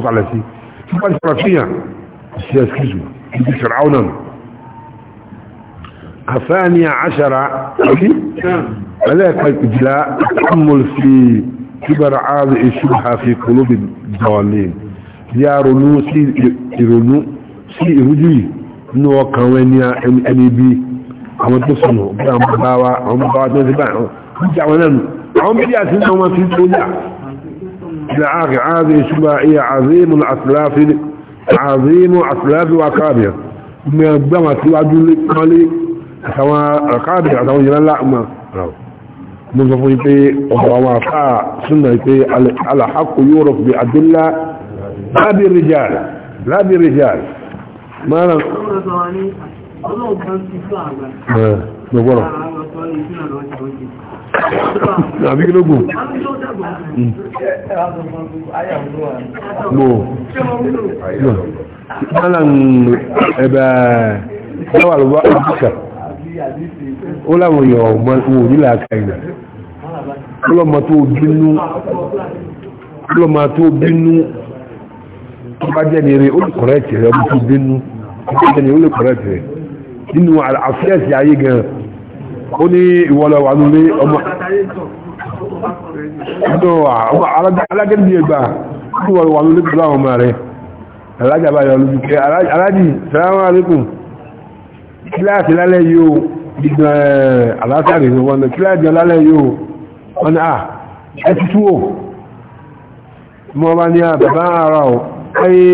gbà تبقى الفرنسية السياسة كيزو دي فرعونا الثانية عشرة عليك الإجلاء التأمل في كبر عاض الشبهة في قلوب الضالين يا رنو سي رنو سي رجي نو كوانيا اني بي àwọn tó sọ̀nà bí àwọn bá wa àwọn bá wa tó ń ṣe báyìí àwọn ìjà wọn náà nù àwọn mídíà tí ń sọ wọn fi tó yà إلى آخر هذه عظيم الأسلاف عظيم أسلاف وأكابر من الدم أسواج لكمالي سواء أكابر أسواج لا أما منظف يبي سنة يبي على حق يورف بأدلة لا بالرجال لا بالرجال ما أنا أه، نقول àbí kí ló gùn ó láwọn èèyàn ọmọ nílà aka ìlà ọlọ́mà tó bínú tó bínú tó bá jẹ́ ní eré ó lè kọ̀rẹ́ tẹ̀rẹ̀ ọmọ tó bínú ó lè kọ̀rẹ́ tẹ̀rẹ̀ nínú àfíẹ́sì ayé gan-an ó ní ìwọlọ wà nílé ọmọ alágẹ́dì ẹgbà kí wọ́n wà nílé pẹ̀lú àwọn ọmọ rẹ̀ alájàbá yọ lójú pé alájì sàrámà alékùn kíláàtì lálẹ́ yóò gbígbà alásàrí eh, wọn kíláàtì lálẹ́ yóò wọ́n ni à ẹ ti túwò mọ́ bá ní àbàbá ara ọ̀ ayé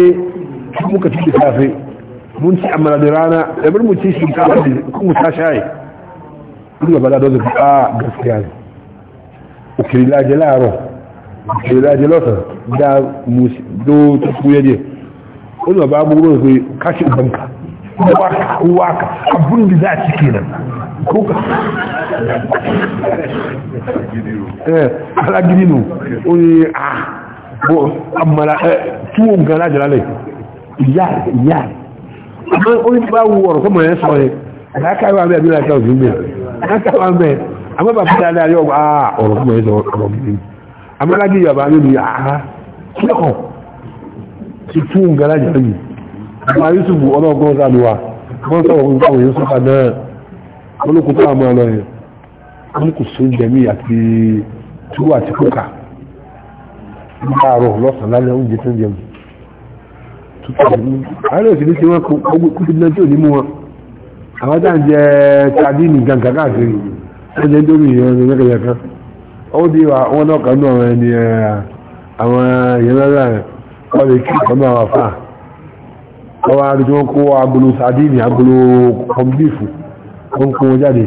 kí mú kàtí ti fàáfẹ́ mú ti àmàlà da rana ẹgbẹ́ mú ti ṣe kí mú nígbà bá dádọ́ sí a gaskiya ne òkèrè lájẹ láàárọ̀ òkèrè lọ́sàn dá ló tó fúyẹ́ díẹ̀ ó ní bàbá agbógbó rẹ̀ pé káṣí banka wákà abun da za a ci kenan ko ka eh alagidi no ó ní a ah, bó amala tuwo nǹkan lájẹ lálẹ́ ìyá ìyá àmọ́ ó ní bá wù ọ̀rọ̀ kọ́mọ̀ ẹ̀ sọ ẹ̀ àdákáwà bí abúlé àti ọ̀gbìn kákàwà mẹ́ àmọ́ bàbá dáadáa yóò wá ah, ọ̀rọ̀ fún ẹ̀sọ̀ ọ̀rọ̀ gidi àmọ́ lágbé yàbá níbi àhá ah, ah, kíọ̀kọ̀ ti tún gara jẹ́ yìí àmọ́ Yusuf ọlọ́gbọ́n sàlùwà wọ́n sọ̀rọ̀ fún ìfọwọ́ Yusuf náà olókùn tó àmọ́ ọlọ́ yẹn wọ́n kò sún jẹ̀mí àti túwò àti kókà láàárọ̀ lọ́sàn-án lálẹ́ oúnjẹ tó ń jẹun tuntun àárẹ̀ òsì ní ti wọ́n kó gbogbo kúndínlẹ́jọ́ ní mú wọn àwọn tá à ń jẹ gangan káàkiri wọ́n jẹ́ nítorí ìyẹn yẹ́kẹ́yẹ́kẹ́ ó di wọn náà kan náà ẹni àwọn èèyàn lára wọ́n lè kí ìkan náà wà fáà wọ́n rí tí wọ́n kó agolo sardine agolo kọmbífù wọ́n kó wọn jáde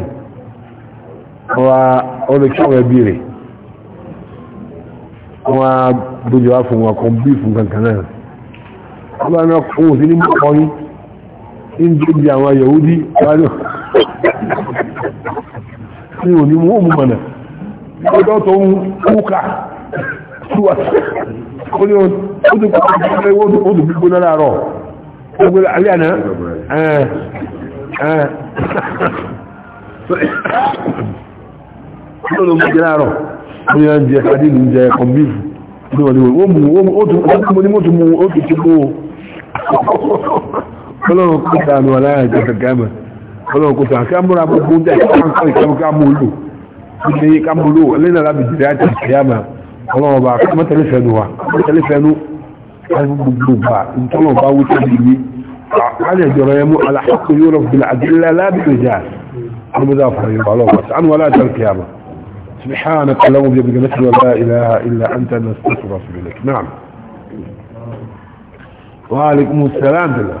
wọ́n wá wọ́n lè kí àwọn ẹbí rẹ̀ wọ́n á gbójú wá fún wọn kọmbífù gangan náà wọ́n bá náà kó wọn sí ní mọ́kànlá ń dóbi àwọn yahudi wájú ní òní mú òmù mọ̀nà ọjọ́ tó ń kúkà túwà ó láàárọ̀ ọgbẹ́ láàárọ̀ ó kọmbífù ó mú ó tún mú ó ọlọ́run kó sànù aláyà ìjọba gàmà ọlọ́run kó sànù kámúra gbogbo ń dẹ̀ káńkọ́ ìkámú kámúlò ilé kámúlò lẹ́nà lábì jìdá àti ìkìyàmà ọlọ́run bá mọ́tẹ́lẹ́ fẹ́nu wa mọ́tẹ́lẹ́ fẹ́nu gbogbo bá ntọ́nà bá wú sí ìwé àkàlẹ̀ ìjọba yẹn mú aláhàkó yóò rọ̀ bìlà àdìlẹ̀ lábì ìjà ọlọ́mọdé àfọyín ọlọ́run sànù aláyà ìjọba kìyàmà سبحانك اللهم وبحمدك نشهد ان لا اله الا انت نستغفرك ونتوب اليك نعم وعليكم السلام بالله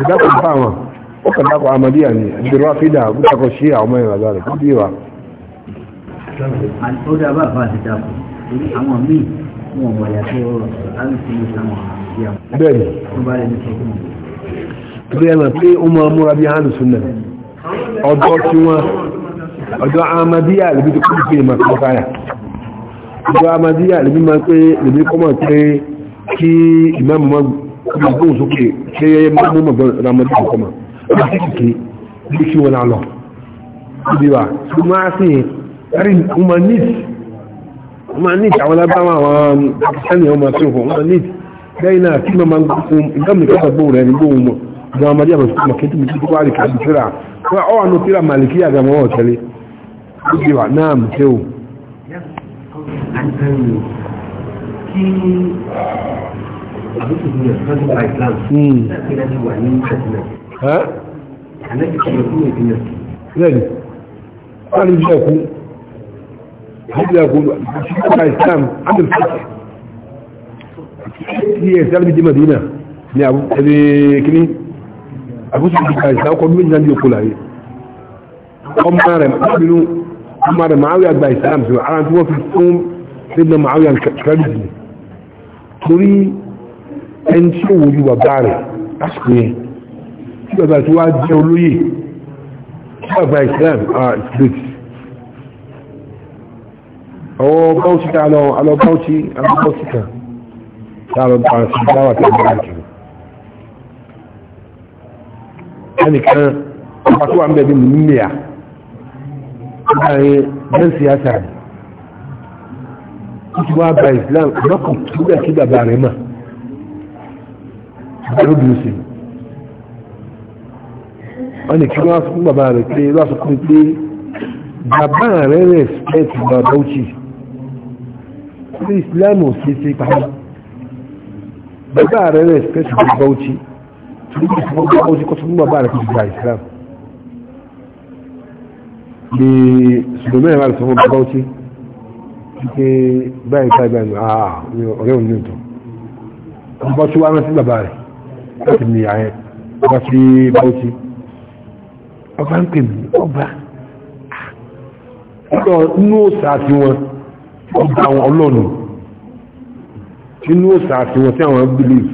ìdákò fáwọn ó kàdákò amadíyà ni ìdúró àfídà gúdàkọ̀ sí àwọn ẹ̀rọ àgbà rẹ̀ kó bí wa. ó dá bá bá ti dàpọ̀ torí àwọn míì wọn ò wọ̀yà tó alùpùpù ní sáwọn àbíyà. bẹ́ẹ̀ni torí ẹ̀nà pé ó máa múra bí alùsùn náà ọjọ́ tí wọ́n ọjọ́ amadíyà lè bí tó kú pé màkà káyà ọjọ́ amadíyà lè bí máa kọ́mọ̀ pé kí ìmáàmù kuma gbóhùn sókè ṣe yẹ máa mú mọ̀ ramadi kò kọ́mà ọba sí kìkì bí kí wọn lọ ibi wa tó máa sí rí humanist humanist àwọn lábáwọn um, àwọn pakistani ọmọ sí ọkọ humanist lẹ́yìn náà kí máa ń gbóhùn ìgbàmì kọ́kọ́ gbóhùn rẹ̀ ní gbóhùn mọ̀ ìgbà ramadi àbọ̀ sókè kí tóbi tó wárí kàbí tíra wọn ọ wà ní tíra màlìkí àgàmọ́ ọ̀tẹ́lẹ̀ ibi wa náà mú um, kí ها لن قال يجاكم هل يقول شكرا الإسلام عند الفتح هي إسلام دي مدينة ni kini àbúsù ìdíkà ìsà ọkọ̀ bí méjìlá ní òkú láyé ọmọ rẹ̀ nínú ọmọ rẹ̀ máa wíyà gba ìsìlámù sí ara tí wọ́n fi fún sínú máa wíyà kẹ́lìdì torí ẹni tí ó wojú bàbá rẹ̀ lásìkò yẹn tí bàbá tí wá jẹ́ olóyè tí bàbá Islam are great ọwọ́ báwọ̀tí ká lọ alọ́báwọ̀tí alọ́báwọ̀tí kan láàrọ̀ bá sí dáwà tí a bá jù ẹnìkan bàbá tó wà ń bẹ̀bí mímìyà láàrin bẹ́ǹsì àtàrí ó ti wá bá Islam lọ́kùn tó bẹ̀ sí bàbá rẹ̀ máa producing wọ́n ni kí wọ́n fún bàbá rẹ̀ pé lọ́sọ̀kún pé bàbá rẹ̀ respect bàbá òchì sí islamu sí sí pàdé bàbá rẹ̀ respect bàbá òchì tí ó fún bàbá òchì kọ́ fún bàbá rẹ̀ kí gba islam bí sùgbọ́n rẹ̀ sọ fún bàbá òchì pé báyìí báyìí báyìí àà ah, ọ̀rẹ́ òní ìtọ̀ bàbá tí wọ́n rán sí láti ní ààyè ọba sí báwọ́sí ọba ń pè mí ọba ọ̀rọ̀ inú òsà àti wọn ọba àwọn ọlọ́nù inú òsà àti wọn tí àwọn believe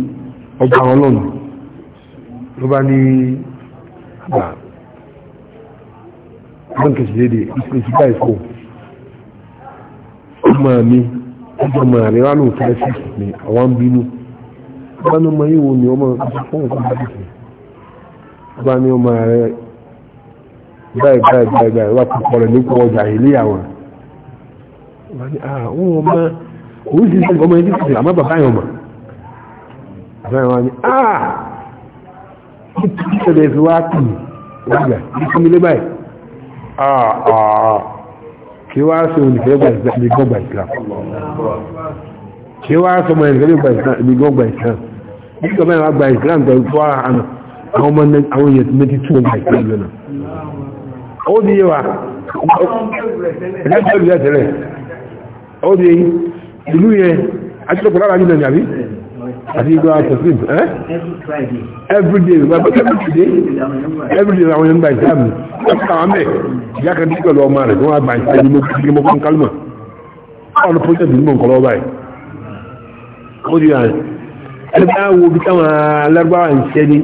ọba àwọn ọlọ́nù ló bá ní àbà báńkì sí dédé ìpèsè báyìí fò ọmọ mi ọjọ́ mọ̀ àríwá lóòótọ́ ẹ̀sìn mi àwọn bínú bánu mọ yìí wo ni ọmọ fún nǹkan bá dìbò bá ní ọmọ rẹ báyìí báyìí báyìí báyìí wà kó kọrọ nípa ọjà ilé àwọn wà ní à òun ọmọ o sì sẹ́yìn ọmọ yẹn ti sè àmọ́ bàbá yẹn ọmọ bàbá yẹn wà ní à kí ṣẹlẹ̀ fi wá kì í wájà kí fún mi lé báyìí à à kí wá sí olùfẹ́ gbà ìgbà ìgbà ṣe wá sọmọ ẹ̀rẹ́ ìgbìgbọ́ gba ìsìlám nígbà mẹ́rin wá gba ìsìlám pẹ̀lú tó àánà àwọn ọmọ àwọn èèyàn méjì tí wọ́n gba ìsìlám lọ́nà ó di yé wa ẹgbẹ́ ìbílẹ̀ tẹ́lẹ̀ ó di yé ìlú yẹn ajọ́pọ̀ lára nílẹ̀ nàbí àti ìgbà tẹ̀sí ẹ́ everyday everyday everyday àwọn èèyàn gba ìsìlám àwọn mẹ́ ìyá kan dígbà lọ ọmọ rẹ̀ wọ́n gba ìsìlám ní mọ́kànlá ọ̀nà pọ́jẹ́ mọ́dí náà ẹgbẹ́ wo bí táwọn alárúbáwá ń ṣẹ́ ní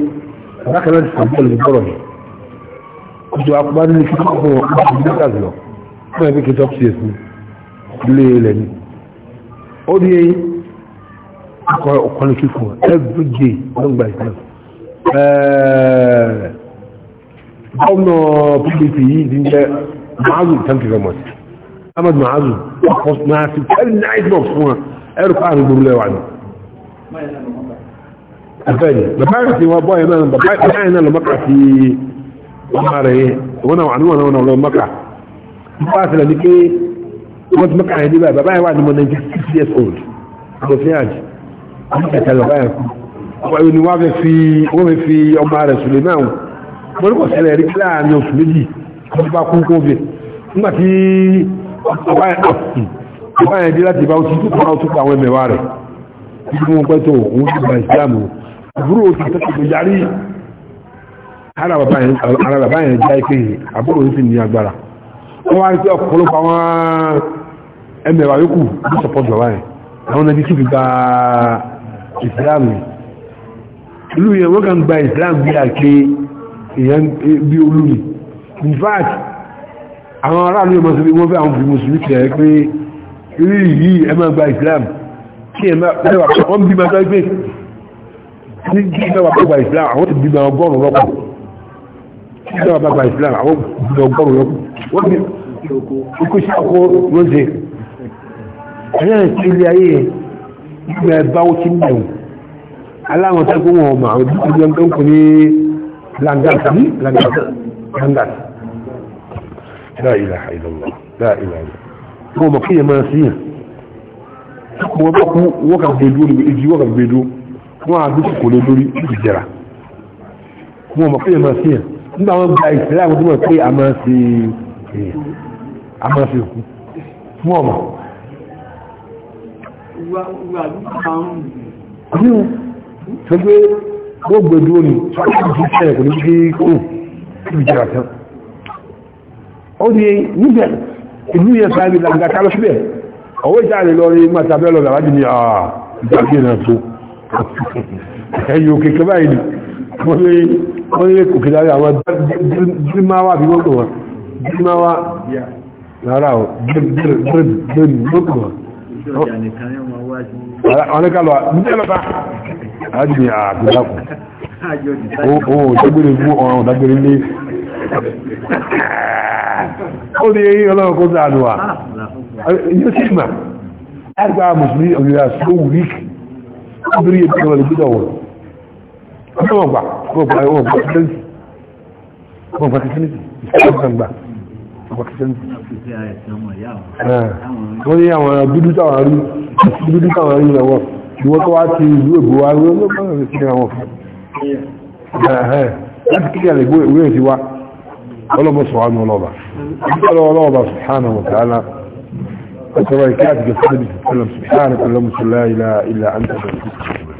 bákan náà ti sàbọ̀lù ní bọ́rọ̀ yìí ọjọ́ akọba nínú kí wọ́n fún wọn láti ní káàkiri lọ fún ẹgbẹ́ kí top cs ní ilé ilẹ̀ ní ó di eyín akọ ọkọni kíkọ every day pdp yìí ti ń jẹ́ maazu thank you very much ahmed náà ti very nice box fún wọn ẹrù gbogbo lẹ́wà náà àfẹ́ni bàbá rẹ̀ sí wọn bọ́ ẹ̀ náà bàbá ẹ̀ náà lọ mọ́kà sí ọmọ rẹ̀ wọn àwọn àníwọ̀n náà lọ mọ́kà nípa àṣẹlẹ̀ ní pé wọ́n ti mọ́kà yẹn níbà bàbá yẹn wà ní mọ́ 96 years old àwọn fi hàn àwọn ẹ̀ka bàbá yẹn ọmọ yìí ni wọ́n fẹ́ fi wọ́n fẹ́ fi ọmọ rẹ̀ sùlẹ̀ náà wọ́n ní kò ṣẹlẹ̀ rí kí láàrin oṣù méjì wọ́n bá kún kó bẹ̀ nígbà tí bàbá yẹn dé láti bá oṣù tó kọ́ ibi wọn pẹ́ tó òun ti gba ìsìlámù àbúrò ti tẹ́tù tó yarí ara bàbá yẹn já ike àbúrò ti ní agbára wọ́n wá rí pé ọ̀pọ̀lọpọ̀ àwọn ẹmẹ̀wà yókù ló sọpọ́tù bàbá yẹn àwọn ẹbí tìbí gba ìsìlámù ìlú yẹn wọ́n kàn gba ìsìlámù bí àké èèyàn bí olúmi in fact àwọn aráàlú yẹn mọ̀ sí wọ́n fẹ́ àwọn mùsùlùmí kìlẹ̀ pé irú yìí ẹ máa ìsìlámù tí ẹ̀ mẹ́wàá wọ́n bí ma sọ pé ní bí mẹ́wàá bá gba ìsìlá àwọn ti bí ma ọgọ́rùn lọ́kù bí mẹ́wàá bá gba ìsìlá àwọn ti bí ọgọ́rùn lọ́kù wọ́n bí ikú sí ọkọ̀ lóṣè ẹ̀yẹ́ ti ilé ayé ìgbà ẹ̀bá ó ti mẹ́wù aláwọn tẹ́gbọ́n wọn ọmọ àwọn ìdílé ọgbẹ́ ń pè ní langas ní langas langas la ilaha illallah la ilaha illallah mo mọ̀ kí ẹ máa sí yàn wọ́n bá kú wọ́kà gbèdú olùgbé ìjì wọ́kà gbèdú wọ́n á dúkù kò lè lórí ìjẹra wọ́n mọ̀ kéèyàn máa sí yẹn nígbà wọn gba ìṣẹ̀lẹ̀ àwọn tó mọ̀ pé a máa ṣe a máa ṣe òkú wọ́n mọ̀. àbíwò tó gbé wọ́n gbèdú olù tó ṣẹlẹ̀ kò ní kí kó ìjẹra tán. ó di níbẹ̀ ìlú yẹn sáré làǹgà tá lọ síbẹ̀ ọwọ́ ìjáde lọ rí mọ́tàbẹ́ lọ làwájú ní àà ìgbàgbé náà tó ẹ̀yìn òkè kẹfà ìlú wọ́n lé wọ́n lé òkè lárí àwọn dírímáwà bí wọ́n gbọ́n dírímáwà lára ọ̀ dírímáwà ó ní eyín ọlọ́run kó sáàdùwà yóò sì mà lágbà mùsùlùmí ọ̀gbìnrin àti owó wík obìnrin yẹn tẹ́wọ̀n lè gbọ́dọ̀ wọ̀ ọ̀pọ̀ ọ̀gbà ọ̀gbà ọ̀gbà kìsẹ́ǹsì ọ̀gbà kìsẹ́ǹsì ìsẹ́ǹgbà ọ̀gbà kìsẹ́ǹsì. wọ́n ní àwọn dúdú táwọn rí dúdú táwọn rí lọ́wọ́ ìwọ́n tó wá ti ìlú èbó wa ló ló máa ń fi àwọn fún láti kíkẹ́ rẹ̀ ìwé ìwé ìtiwá ọlọ́bọ̀ sọ̀rọ̀ ọlọ́ba ọlọ́ba subhanahu wa ta'ala فترى كاتب صلى الله عليه وسلم سبحانك اللهم صلى الله إلا أنت